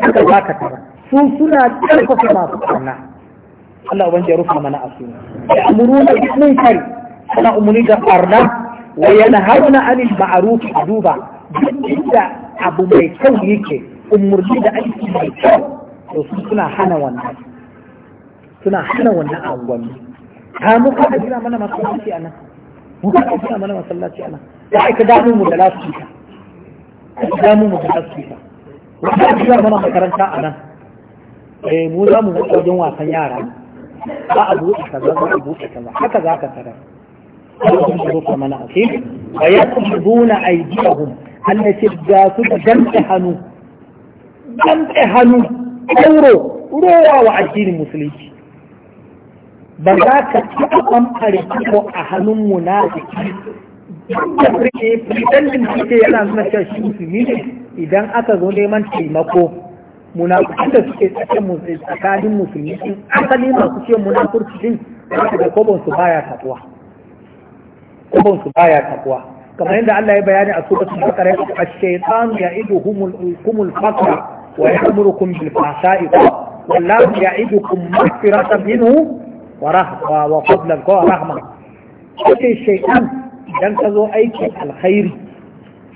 haka za ka kawai su suna karfafa masu ƙarna Allah ubangiji ya rufa mana asiri ya amuruna bil munkari suna umuni da ƙarna wa na anil ma'ruf duba duk da abu mai kyau yake umurni da aiki mai kyau to su suna hana wannan suna hana wannan angwani ha muka ka gina mana masallaci anan muka ka gina mana masallaci anan da aika damu mu da lafiya damu mu da lafiya wata gina mana makaranta a nan. eh mu za mu buɗe wajen wasan yara ba a buɗe ka za a buɗe kaza haka za ka tara a shigo kuma mana a wa ya hun aidiyahum Allah ce ga su da damɗe hannu damɗe hannu ɗauro rowa wa addinin musulunci ba za ka taɓa ɓamɓare ko a hannun jiki? da rike pretendin kike yana nuna shi musulmi ne idan aka zo neman taimako munafukan da suke tsakanin musulmi in asali masu ce munafurci din da kobon su baya takuwa kobon su baya takuwa kamar yadda Allah ya bayani a suratul baqara ash-shaytan ya'iduhumul kumul faqra wa ya ya'murukum bil fahsha'i wallahu ya'idukum maghfiratan minhu wa rahma wa fadlan ko rahma sai shaytan idan ka zo aiki alkhairi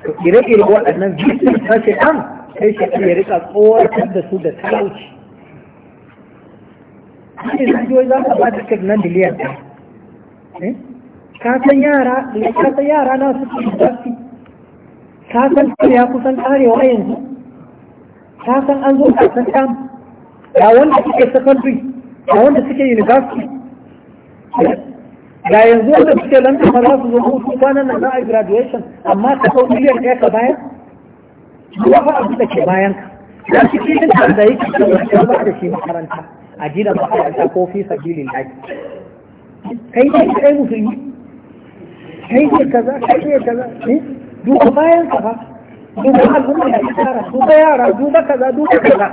to ire-ire waɗannan ta ce an sai shi ya rika tsoratar da su da talauci hannun rijiyoyi za ka ba da kek nan miliyan ɗaya eh? kasan yara kasan yara na su ke zafi kasan ya kusan karewa yanzu kasan an zo kasan tam ga wanda suke secondary ga wanda suke university ga yanzu wanda suke lanta ba za su zo hutu kwanan nan za a graduation amma ka sau miliyan ɗaya ka bayan kuma fa abu da ke bayan ka da shi ke yin da yake da ba da shi makaranta a gina makaranta ko fi sabilin lafi kai ne kai musulmi kai ne kaza kai ne kaza eh? duba bayan ka ba duba al'umma da isara duba yara duba kaza duba kaza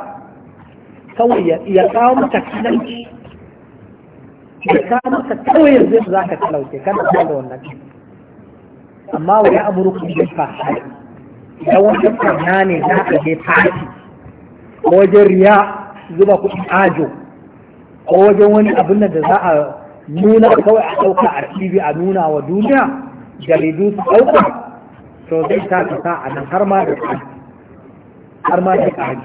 kawai ya kawo maka da ka maka kawai yanzu za ka talauce kana ba da wannan amma wani amurku da fahari da wani fahari ne za a je fahari wajen riya zuba kuɗi ajo ko wajen wani abin da za a nuna kawai a ɗauka a tv a nuna wa duniya jaridu su ɗauka to zai ta ka sa a nan har ma da ƙari har ma da ƙari.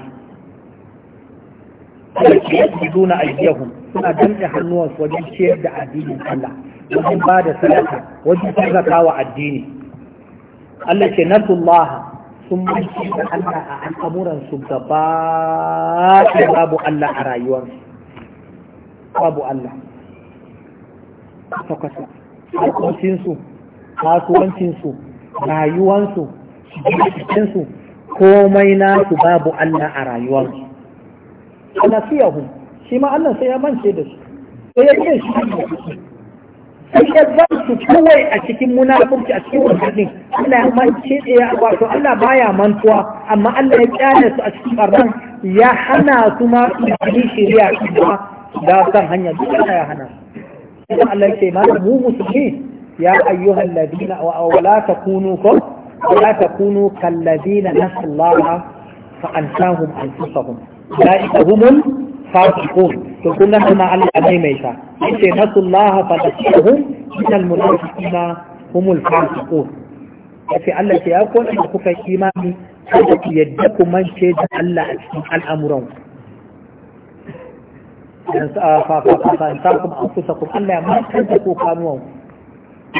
Kala ke yi duna ajiyahun suna danɗe hannuwansu wajen ciyar da addinin Allah wajen ba da sadaka wajen sarrafa wa addini Allah ce nasullah sun manci da Allah a al'amuransu gaba da babu Allah a rayuwarsu babu Allah kwata-kwata harkokinsu kasuwancinsu rayuwarsu, jikinsu komai na su babu Allah a rayuwarsu ana fiye hun shi ma Allah sai ya mance da shi sai ya ce shi sai ya ba su kawai a cikin munafurci a cikin wasannin Allah ya mance da ya wato Allah baya mantuwa amma Allah ya kyale su a cikin barnan ya hana su ma su yi shari'a kuma da kan hanya duk ya hana su Allah ya ce ma mu musulmi ya ayyuhal ladina wa la takunu ko ولا تكونوا كالذين نسوا الله فأنساهم أنفسهم ذلك هم fasiqun to kullum kuma Allah mai mai ta yace nasullaha fa tasihum innal munafiqina humul fasiqun yace Allah ya ko da kuka imani kada ku yadda ku mance da Allah a cikin al'amuran yanzu a fafafafanta kuma an kusa kuma Allah ya mantar da ku kanuwan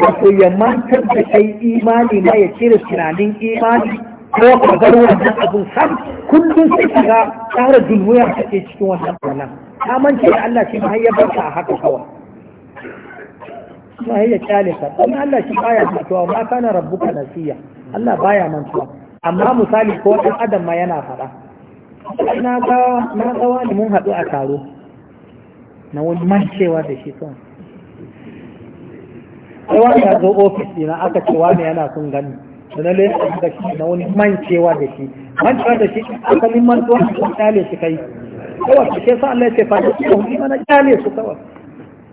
wato ya mantar da kai imani ma ya cire tunanin imani ko ka bar wannan abin sam kullum sai ka ga tsara dulmuya take cikin wannan wannan ka mance da Allah shi har ya a haka kawai ma ya kyale Allah shi baya mantuwa ma kana rabbuka nasiya Allah baya mantuwa amma misali ko dan adam ma yana fada na ga na mun haɗu a taro na wani mancewa da shi son sai wani ya zo ofis ɗina aka ce wani yana son gani da na lalata da shi na wani mancewa da shi mancewa da shi asalin mantuwa a shi kyale shi kai kawai su ke sa Allah ya ce fa da shi kuma mana kyale su kawai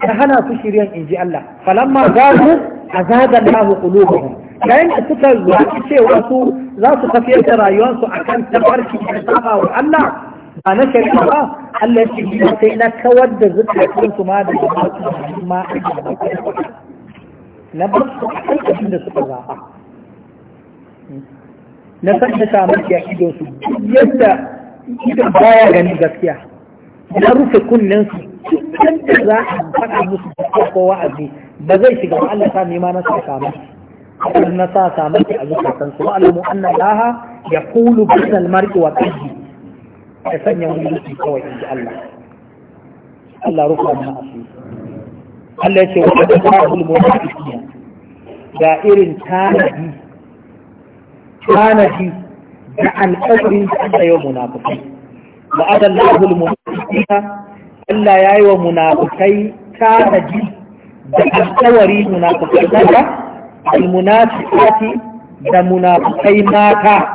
ta hana su shirya in ji Allah falamma zagu azaga Allahu qulubuhum kayan da suka zuwa cewa su za su tafiye da rayuwarsu akan tabarki da saba wa Allah ba na shari'a ba Allah ya ce sai na kawar da zukatun su ma da ma na ba su akan abin da suka zaba na san da samun ya idon su yadda idan baya gani gaskiya na rufe kunnen su da za a faɗa musu kowa ko wa'azi ba zai shiga ba Allah ta nema na sa samu Allah na sa samu a zukatan su wa'alamu anna laha ya kulu bisal mar'i wa qalbi ya sanya wani kawai ji Allah Allah rufa mana asiri Allah ya ce wa ta'ala al-munafiqina da irin tanadi tanadi da alƙawarin da Allah ya munafukai wa adallahu almunafiqina Allah ya yi wa munafukai tanadi da alƙawari munafukai mata almunafiqati da munafukai mata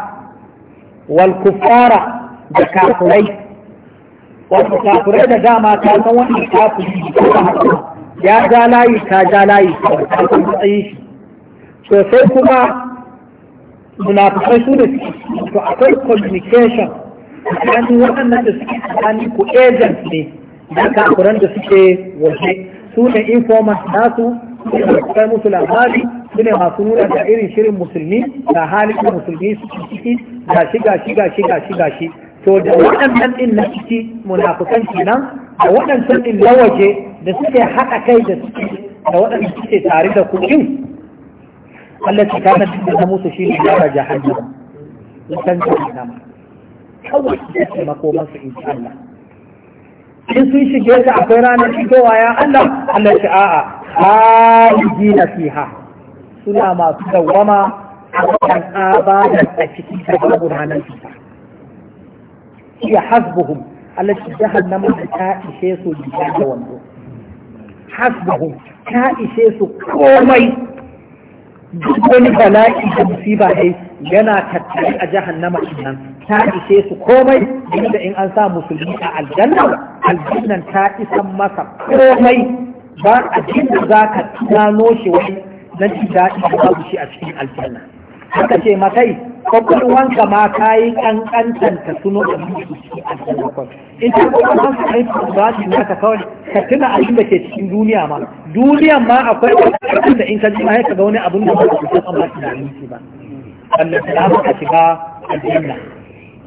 wal kufara da kafirai wato kafirai da dama ta san wannan kafiri ya ja layi ta ja layi ta matsayin shi sosai kuma munafikai su da to akwai communication tsakanin waɗannan da suke tsakani ku agent ne da kakuran da suke waje su ne informant nasu su ne kai musu labari su ne masu nuna da irin shirin musulmi da halin musulmi su ciki ga shi ga shi ga shi ga shi ga shi to da waɗannan ɗin na ciki munafukan kenan da waɗancan ɗin na waje da suke haɗa kai da suke da waɗanda suke tare da kuɗin التي كانت تموت في مجرى جهنم وتنزل جهنم حوش جيس مقوما في إن شاء الله إن سيش جيس أفران الشدوى يا الله الله شاء خالدين فيها سلامة سلامة عن آباد التشكيك القرآن فيها هي حسبهم التي جهنم كائشيس لجهنم حسبهم كائشيس قومي duk wani bala'i da musiba ya yana tattali a jahannama nan ta ishe su komai inda in an sa musulmi a aljanna aljannan ta isan masa komai ba a da za ka tunano shi wani na jin daɗi da babu shi a cikin aljanna haka ce makai kwakwalwanka ma ta yi ta suno da mutu a cikin in ta kwakwalwan ka yi furbashi na ka kawai ka tuna abin da ke cikin duniya ma duniyan ma akwai kwakwalwan da in ka ji ma ga wani abin da ba su san ba su da yanki ba Allah ta lafi ka shiga aljanna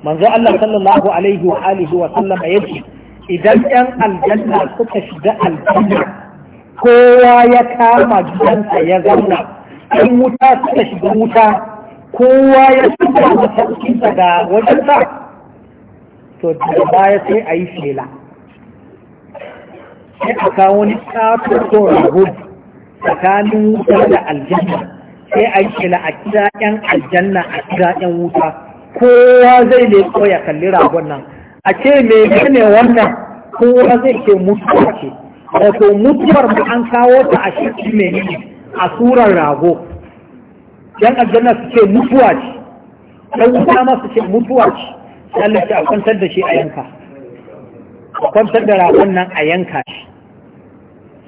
manzo Allah sallallahu alaihi wa alihi wa sallam ce. idan ɗan aljanna suka shiga aljanna kowa ya kama gidansa ya zauna in wuta suka shiga wuta kowa ya sanya masaukinsa ga wajen sa to daga baya sai a yi shela sai a kawo wani ƙafin ko rago tsakanin wutar da aljanna sai a yi shela a kira 'yan aljanna a kira 'yan wuta kowa zai ne ya kalli ragon nan a ce mai ne wannan kowa zai ke mutuwa ce wato mutuwar mu an kawo ta a shi mai a surar rago yan aljanna su ce mutuwa ce yan wuta ma su ce mutuwa ce sai Allah ya a kwantar da shi a yanka a kwantar da ragon nan a yanka shi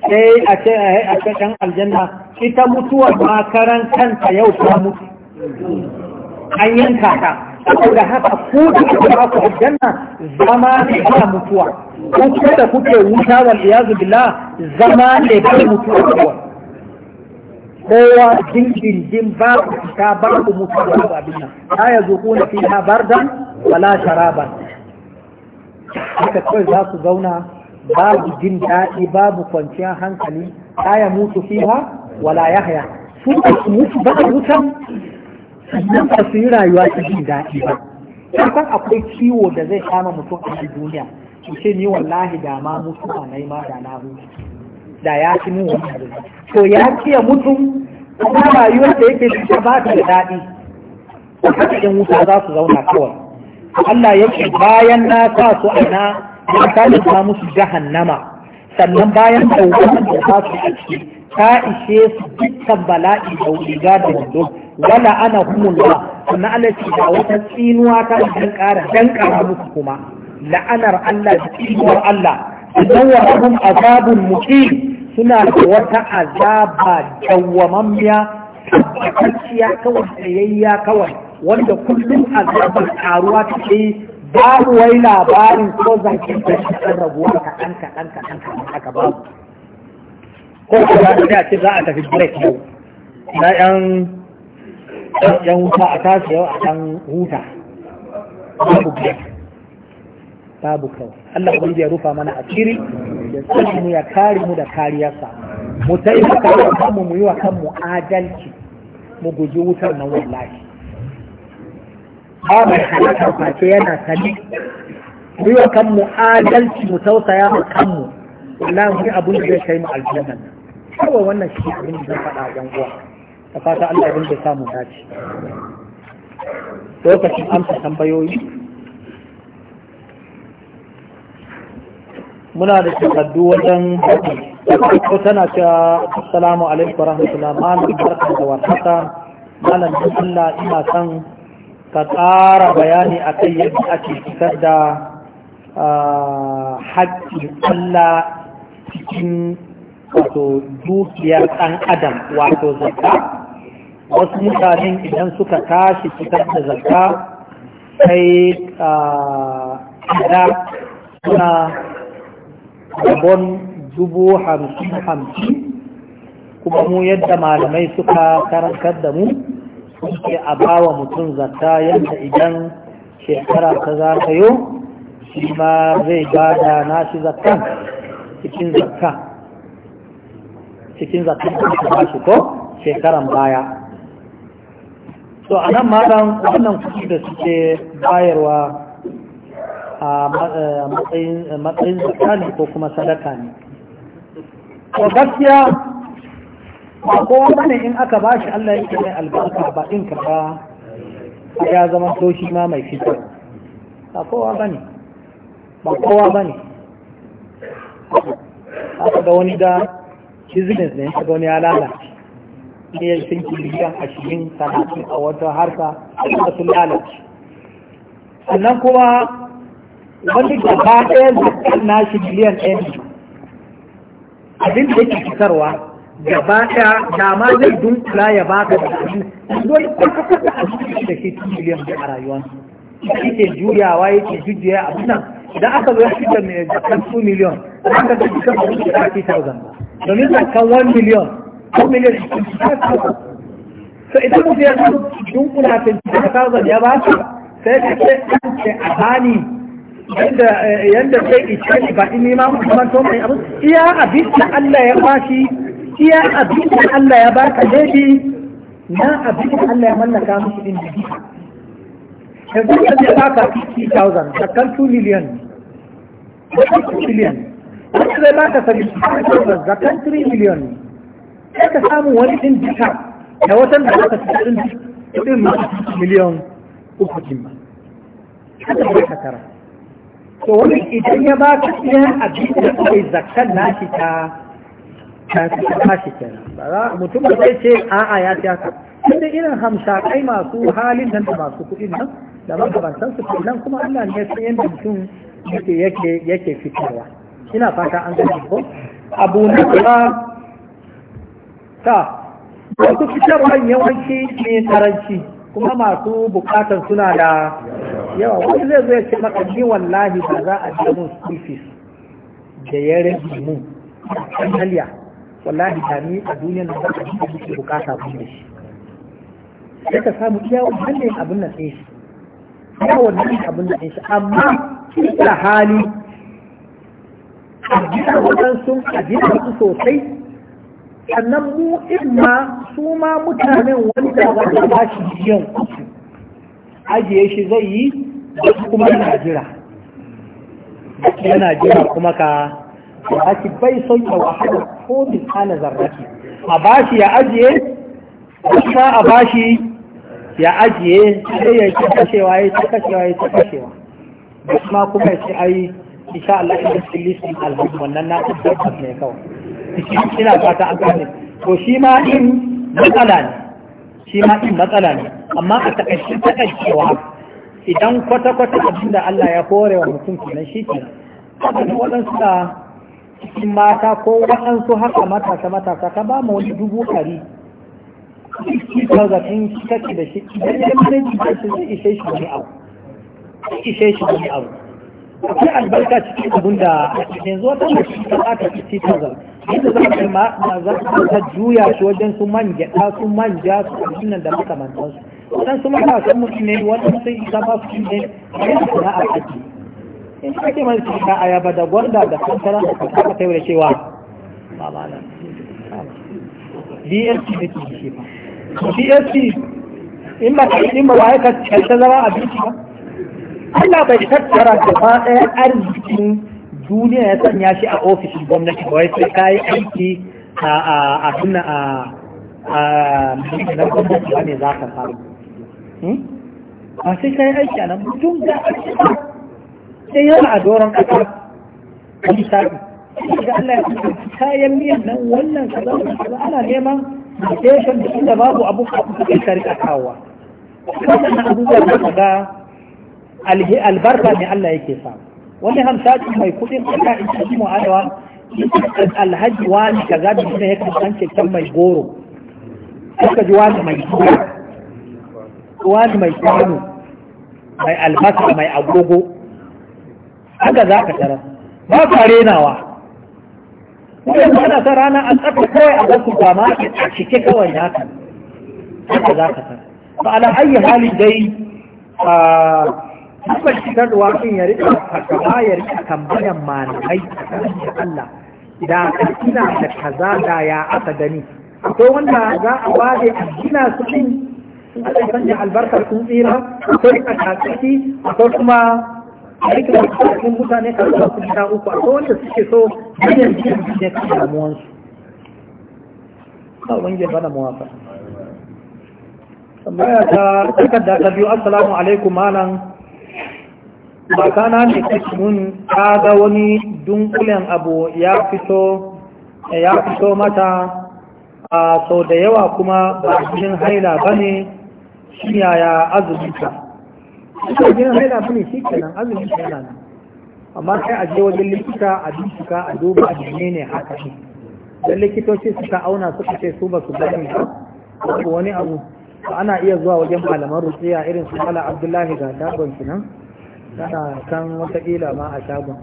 sai a ce a yi a yan aljanna ita mutuwa ma karan kanta yau ta mutu an yanka ta saboda haka ku da kuke ba ku aljanna zama ne ba mutuwa ku da kuke wuta wal iyazu billah zama ne ba mutuwa kowa dindindin babu ku babu da babu abin nan Ta ya zo kuna bar bardan wala sharaban haka kawai za su zauna babu jin daɗi babu kwanciyar hankali Ta ya mutu ha wala haya su ba su mutu ba a wutan sannan ba su yi rayuwa su jin daɗi ba san akwai ciwo da zai kama mutum a duniya ce ni wallahi da ma mutuwa na ma da na hutu da ya fi mun to ya ce mutum kuma rayuwar da yake shi ba da daɗi haka in wuta za su zauna kawai Allah yake bayan na sa su ana na ta musu jahannama sannan bayan da wannan da za su ciki ta ishe su dukkan bala'i da riga da wando wala ana humulwa sannan Allah ce da wata tsinuwa ta dan ƙara dan ƙara musu kuma la'anar Allah da tsinuwar Allah dawwahum azabun muqim suna da wata azaba dawwamammiya tabbatacciya kawai tsayayya kawai wanda kullum azabar karuwa take babu wai labarin ko zakin da shi kan rabuwa kaɗan kaɗan kaɗan kaɗan babu ko ko za ta ce za a tafi break yau na yan yan wuta a tashi yau a ɗan huta babu break babu kawai Allah ubangiji ya rufa mana asiri ya sani mu ya kare mu da kariyarsa mu taimaka wa kanmu mu yi wa kanmu adalci mu guji wutar nan wallahi ba mai halaka face yana sani mu yi wa kanmu adalci mu tausaya wa kanmu wallahi mu yi abin da zai kai mu aljanna kawai wannan shi abin da zan faɗa a uwa da fata Allah ya da samu dace lokacin amsa tambayoyi muna da takaddu wajen ko tana ta assalamu alaikum wa rahmatullahi malam barka da warhaka malam din Allah ina san ka tsara bayani akan yadda ake fitar da haƙƙin Allah cikin wato dukiyar ɗan adam wato zakka wasu mutanen idan suka tashi fitar da zakka sai a suna gabon dubu hamsin hamsin kuma mu yadda malamai suka karantar da mu suke a bawa mutum zata yadda idan shekara ta za yi shi ma zai bada nashi zata cikin zata cikin zakkan ta ba shi ko shekaran baya to a nan dan wannan kuɗi da suke bayarwa a eh, matsayin eh, zakani ko kuma sadaka ne to gaskiya ba kowa bane in aka bashi Allah yake mai albarka ba in ka ba ya zama to shi ma mai fitar ba kowa bane ba kowa bane aka ga wani da business ne wani ya lalace ne ya sun biyan ashirin sanatun a wata harka a sun lalace sannan kuma wani gaba ɗaya zakar nashi miliyan ɗaya ne abin da yake fitarwa gaba ɗaya da ma zai dunkula ya baka da abin dole kwata a cikin da ke cikin miliyan ɗaya a rayuwa yake juyawa yake jujjuya a nan idan aka zo shi da mai zakar 2 miliyan aka ga cikin abin da ya fi tarzan domin zakar 1 miliyan 2 miliyan so idan mutum ya zo dunkula ta cikin ya ba sai ka ce an ce a bani yanda zai ishe shi ba in ma kuma to mai abu iya abin da Allah ya bashi iya abin da Allah ya baka daidai na abin da Allah ya mallaka musu din da duka yanzu da ya baka 50,000 sakar 2 million 2 million wanda zai baka 75,000 zakar 3 million sai ka samu wani din da watan da aka cikin kudin miliyan uku jimma. Haka ba ka tara. to wani idan ya ba ka ɗayan abin da kawai zakar nashi ta ta kenan ba za mutum da zai ce a'a ya fi haka tunda irin hamshakai masu halin nan da masu kuɗin nan da san su nan kuma Allah ne sai yin mutum yake yake yake fitarwa ina fata an gani ko abu na ba ta wasu fitarwa yawanci ne karanci kuma masu bukatar suna da yawa wani zai zai ce maka ni wallahi ba za a ji mun sufis da ya rage mu a haliya wallahi da ni a duniyar da zaka ji kuke bukata kun da shi sai ka samu iya wannan abin nan ɗin shi iya wannan abin nan ɗin shi amma kila hali a gina wajen sun a gina wasu sosai sannan mu imma su ma mutanen wanda za ka ba shi yau ajiye shi zai yi kuma yana jira yana jira kuma ka baki bai son ya wahala ko misalin zarafi. a bashi ya ajiye kuma a bashi ya ajiye sai ya ci kashewa ya ci kashewa ya ci kashewa da kuma kuma ya ce ayi insha Allah ina cikin listin alhamdu wannan na tabbata ne kawai ciki ina fata an gane to shi ma din matsala ne shi ma din matsala ne amma a takaice takaicewa idan kwata-kwata abinda Allah ya kore wa mutum kenan shi Kada haka waɗansu da cikin mata ko waɗansu haka matasa matasa ka ba mu wani dubu ɗari ka zaton kake da shi idan ya manaji da shi zai ishe shi wani abu ishe shi wani abu akwai albarka cikin abin da a cikin zuwa ta ta ta ci ta zama yadda za ka ma za ka juya shi wajen su manja ta su manja su abin da makamantan su su manja sun mutu ne sun yi ba su ne yi na a in ka ce mai ka ayaba da gwanda da kankara da kankara ta yi cewa ba ba nan da ke shi ba in ba ka yi in ba waye ka zama abinci ba Allah bai tattara gaba ɗaya arzikin duniya ya sanya shi a ofishin gwamnati wai sai ka yi aiki a abin a na gwamnati ba ne za ka samu hmm? a sai ka yi aiki a nan mutum ga sai yana a doron ƙasa a misali ga Allah ya kuma kayan miyan nan wannan kaza kaza ana neman mutation da inda babu abu a kuka kai ka rika kawowa wannan abubuwa da ga albarka ne Allah yake samu wani hamsaki mai kudin kaka in ci mu adawa alhaji wani kaza da kuma ya kasance kan mai goro suka ji wani mai goro wani mai kwano mai albasa mai agogo haka za ka tara ba ka renawa wajen ana ta rana an tsaka kawai a wasu kwama a cike kawai haka haka za ka tara ba ala ayi hali dai ah, tabbas shigarwa sun ya rika a ya rika tambayan malamai a ƙarshen Allah da ina da kaza da ya aka gani akwai wanda za a da ya gina su ɗin a sanya albarkar sun tsira akwai a katsaki akwai kuma a rika wasu mutane a zuwa su gida uku akwai wanda suke so biyan biyan biyan kan damuwansu. Allah wani muwafa. ta ta biyu assalamu alaikum malam ba kana ne ta ga wani dunkulen abu ya fito ya fito mata a sau da yawa kuma ba jinin haila ba ne shi yaya shi ita jinin haila ba ne shi kenan azuminta yana nan amma sai a je wajen likita a bincika a duba a ne haka ne don likitoci suka auna suka ce su ba su gani ba wani abu Ba ana iya zuwa wajen malaman Rufiya irin su mala abdullahi ga dabon nan tana kan watakila ma a shagon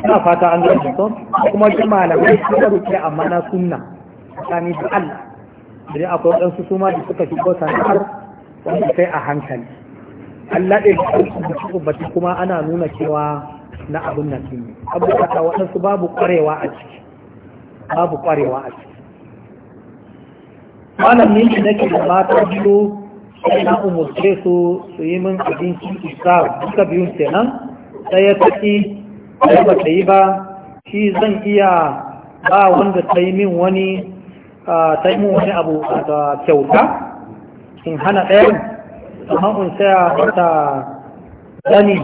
ina fata an zai son kuma ji malamai su da rufe amma na sunna tsakani da Allah idan akwai waɗansu su ma da suka shigo sana'ar wanda sai a hankali Allah ɗaya da su ubbati kuma ana nuna cewa na abin nan ne abubuwa waɗansu babu ƙwarewa a ciki babu ƙwarewa a ciki malam ne nake da mata biyu sai na umarce su su yi min abinci isa duka biyun kenan sai ya tafi sai ba ta yi ba shi zan iya ba wanda ta yi min wani abu da kyauta in hana ɗayan amma in saya wata zani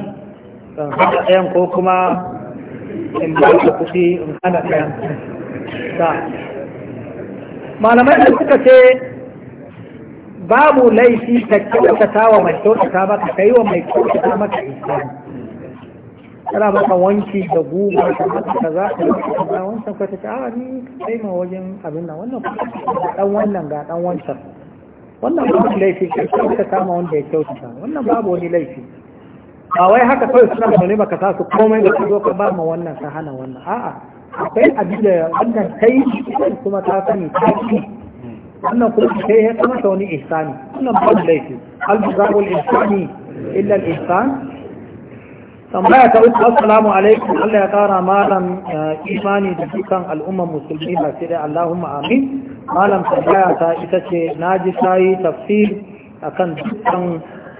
in hana ɗayan ko kuma in ba ta kuɗi in hana ɗayan malamai da suka ce babu laifi ka kyautata wa mai kyautata maka kai wa mai kyautata maka ihsani kana maka wanki da guga ka maka kaza ka maka wancan ka tace a ni kai ma wajen abin nan wannan dan wannan ga dan wancan wannan babu laifi ka kyautata ma wanda ya kyautata wannan babu wani laifi ba wai haka kawai suna zaune baka su komai da zo ka ba ma wannan ka hana wannan a'a akwai abin da wannan kai kuma ta sani ta wannan kuma sai ya kamata wani ihsani wannan ba da laifi al-jazawul ihsani illa al-ihsan tambaya ta uku assalamu alaikum Allah ya kara malam eh, imani da dukkan al'ummar musulmi ba sai dai Allahumma amin malam tambaya ta ita ce naji sai tafsir akan dukkan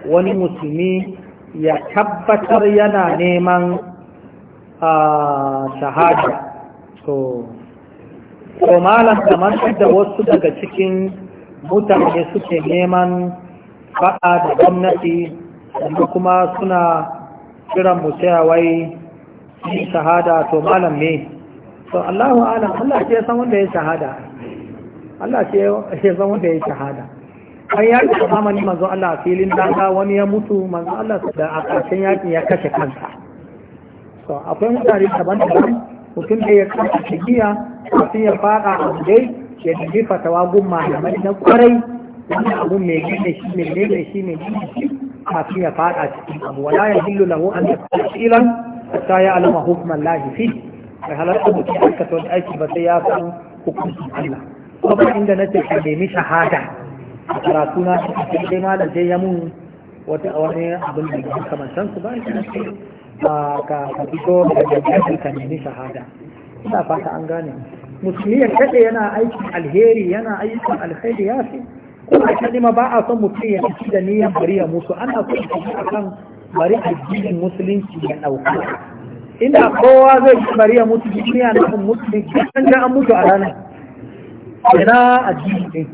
wani musulmi ya tabbatar yana neman ah, shahada to to malam kamar da wasu daga cikin mutane suke neman faɗa da gwamnati da kuma suna kiran mutawai yi shahada to malam me to Allahu alam Allah ce san wanda ya shahada Allah ce ya san wanda ya shahada an yaƙi a zamani manzo Allah filin daga wani ya mutu manzo Allah da a ƙarshen yaƙi ya kashe kanta to akwai mutane daban-daban mutum da ya kashe shigiya kafin ya faɗa a dai ya tafi fatawa gun malamai na kwarai wani abu mai gina shi mai gina shi mai gina shi kafin ya faɗa cikin abu wala ya hillu lahu an tafsilan hatta ya alama hukman lahifi, mai bai halarta mutum aikata wani aiki ba sai ya san hukuncin Allah kuma inda na ce ka nemi shahada a karatu na shi sai malam sai ya mun wata wani abin da ya kamantan su ba ah, ka fito da jami'ar ka nemi shahada ina fata an gane mu. musulmi ya kaɗe yana aikin alheri yana aikin alheri ya fi kuma kalima ba a son mutum ya fi da niyan bari ya mutu ana so ya a kan bari addinin musulunci ya ɗauka inda kowa zai fi bari ya mutu duniya na kan musulunci an ga an mutu a ranar ina addini ɗin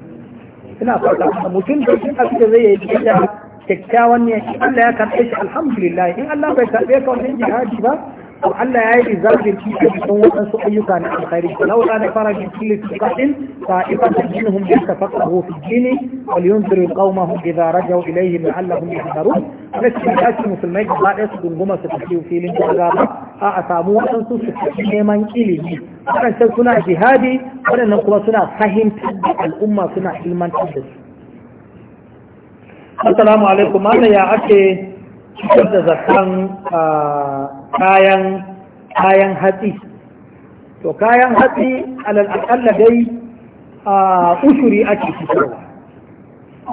ina fata mutum da shi abin zai yi da kyakkyawan ne Allah ya karɓe shi alhamdulillah in Allah bai karɓe ka wajen jihadi ba to Allah ya yi zafin ki a cikin waɗansu ayyuka na alkhairi laula da fara bi kulli tiqatin fa ifatan minhum yatafaqahu fi dini wal yunziru qaumahum idza rajau ilayhim la'allahum yahdharun nasi da shi musulmai gaba ɗaya su dunguma su tafi filin jaza a a samu waɗansu su tafi neman ilimi waɗancan suna jihadi waɗannan kuma suna fahimtar da al'umma suna ilmantar da su assalamu alaikum mana ya ake fitar da zakan ah, kayan kayan hatsi to kayan hatsi alal dai a usuri ake fitarwa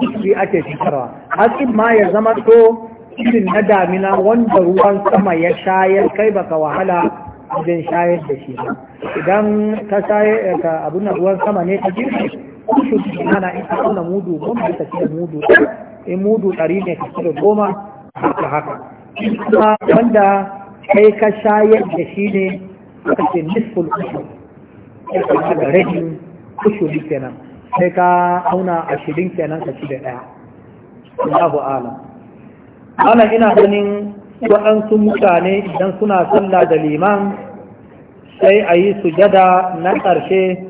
usuri ake fitarwa hatsin ma ya zama to irin na damina wanda ruwan sama ya shayar kai baka wahala wajen shayar da shi idan ka shayar ka abun ruwan sama ne ka girki ushuri na ita kuma mudu goma ka cire mudu in mudu ɗari ne ka da goma haka haka wanda kai ka shayar da shi ne a cikin nisful ka sai da rashin ushuri kenan sai ka auna ashirin kenan ka ci da ɗaya Allahu ala ana ina ganin waɗansu mutane idan suna sallah da liman sai a yi sujada na ƙarshe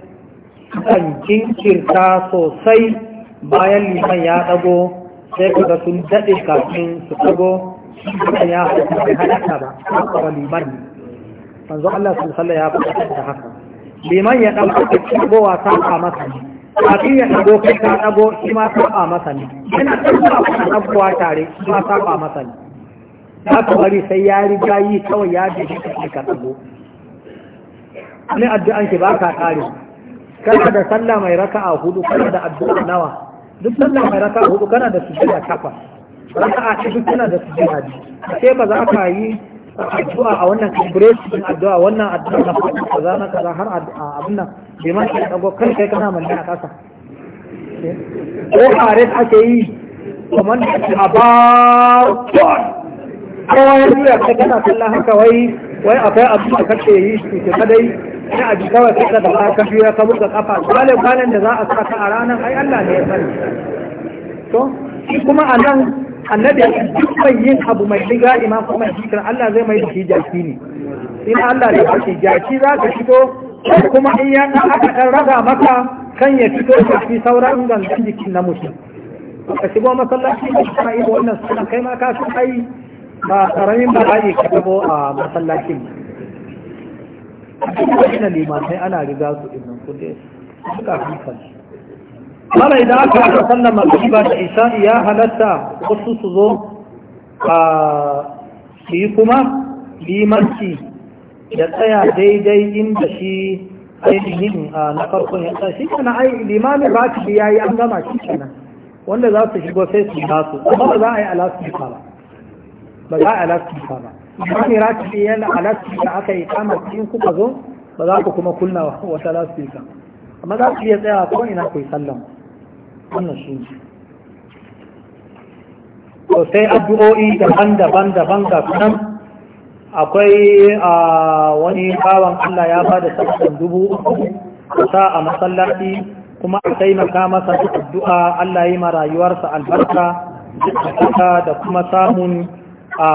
kan jinkirta sosai bayan liman ya ɗago sai kaga sun daɗe kafin su ɗago haka ya halatta ba haka wa liman manzo Allah sallallahu alaihi ya faɗa da haka liman ya dan fita cibowa ta a masa ne kafin ya dago kai ta dago shi ma ta a masa ne yana tsaba kana abuwa tare shi ma ta a masa ne ya bari sai ya riga yi kawai ya ji shi ka dago ne addu'an ki ba ka kare kana da sallah mai raka'a hudu kana da addu'a nawa duk sallah mai raka'a hudu kana da sujjada takwas raka'a ta duk suna da sujjada ne sai ba za ka yi addu'a a wannan kongresu din addu'a wannan addu'a na fata kaza na kaza har abin nan bai ma shi dago kan kai kana manne a ƙasa. ko da ake yi kamar da ake a ba kowa ya juya ta kana kallon haka wai wai akwai abu da kake yi shi ke kadai na abu kawai kasa da ka juya ka buga kafa kwale kwanan da za a saka a ranar ai Allah ne ya sani to kuma a nan annabi duk mai yin abu mai liga imam kuma shikin Allah zai mai da shi jaki ne in Allah da shi jaki za ka fito kuma in ya ka aka ɗan raga maka kan ya fito ka fi sauran gangan jikin na mutum ka shigo masallaci ka kuma ibo wannan suna kai ma ka san ai ba karamin ba ai ka shigo a masallacin ina limamai ana riga su idan kudai suka fi kansu mara idan aka aka sallama ba da isa'i ya halatta wasu su zo a su yi kuma limanci ya tsaya daidai inda shi ainihin na farkon ya tsaya shi kana ai limamin ba ci ya yi an gama shi kenan wanda za su shigo sai su nasu amma ba za a yi alaskika ba ba za a yi alaskika ba limamin raki yana alaskika aka yi kamar in kuka zo ba za ku kuma kunna wata alaskika amma za su iya tsaya ko ina ku yi sallama wannan shi to sai addu'o'i daban-daban daban ga sunan akwai a wani bawan Allah ya ba da sassan dubu sa a masallaci kuma a taimaka masa duk addu'a Allah yi marayuwarsa albarka da kuma samun a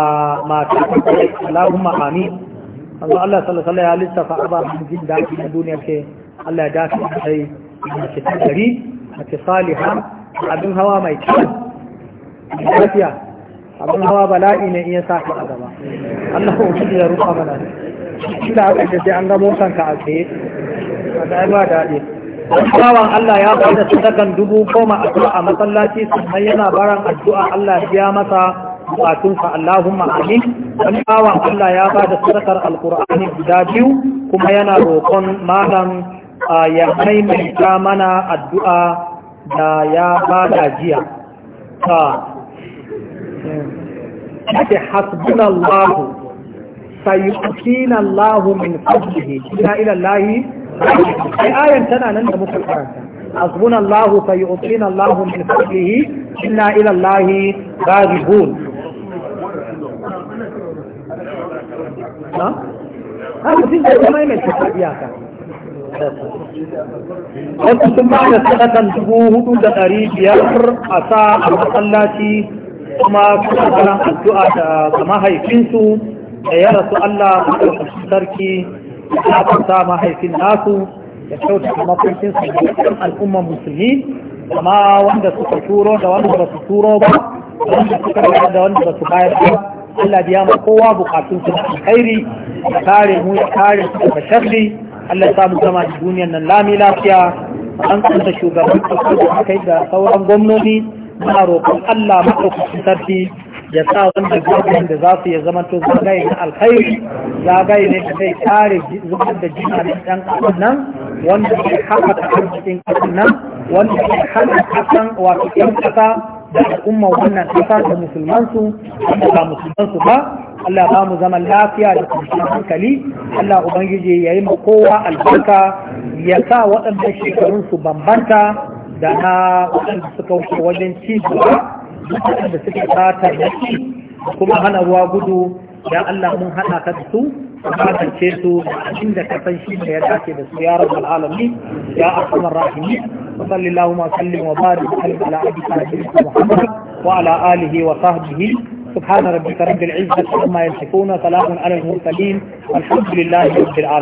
mata Allahun amin Allah sallallahu alaihi wa sallam ya lissafa ababen jin daɗi na duniya ke Allah ya dace sai mace ta gari mace saliha abin hawa mai kyau lafiya abin hawa bala'i ne iya sa ka a gaba Allah ko shi ya rufa mana shi da aka sai an ga motan ka a tsaye a da ba Bawan Allah ya da sadakan dubu goma a masallaci sannan yana baran addu'a Allah ya biya masa bukatunsa Allahumma amin wani bawan Allah ya ba da sadakar alkur'ani guda biyu kuma yana roƙon malam ya maimaita mana addu'a da ya bada jiya ta ake hasbun Allahu sayukin Allahu min fadlihi ina ila ai ayan tana nan da muka karanta hasbun Allahu sayukin Allahu min fadlihi ina ila Allahi raghibun ha? Har mutum da iyaka. wasu sun ba da sadakan dubu hudu da ɗari biyar a sa a masallaci kuma suna karan addu'a da mahaifinsu da ya rasu Allah a sarki ya fasa mahaifin nasu ya kyauta kuma mafarkin sabbin al'umma musulmi amma wanda suka turo da wanda ba su turo ba wanda suka bayar da wanda ba su bayar ba Allah biya ma kowa bukatun su da alkhairi ya kare mu ya kare su daga sharri Allah ya mu zama da duniyar nan lami lafiya an kanta shugaban kasa da aka yi da sauran gwamnoni na roƙon Allah maɗaukacin sarki ya sa wanda gwamnan da za su ya zama to zagaye na alkhairi zagaye ne da zai kare zubar da jinarin ɗan ƙasar nan wanda ke haɓaka arzikin ƙasar nan wanda ke haɓaka ƙasan wato ɗan ƙasa da al'umma wannan kasa da musulmansu da ba musulmansu ba Allah ba mu zaman lafiya da kwanciyar hankali Allah ubangiji ya yi kowa albarka ya sa waɗanda su bambanta da na waɗanda suka wuce wajen ci gaba waɗanda suke da kuma hana ruwa gudu ya Allah mun haɗa ka da su kasance su inda ka san shi ne ya dace da su ya rabbal alamin ya arhamar rahimi wa sallallahu wa sallim wa barik ala abika muhammad wa ala alihi wa sahbihi سبحان ربك رب العزة عما يصفون سلام على المرسلين والحمد لله رب العالمين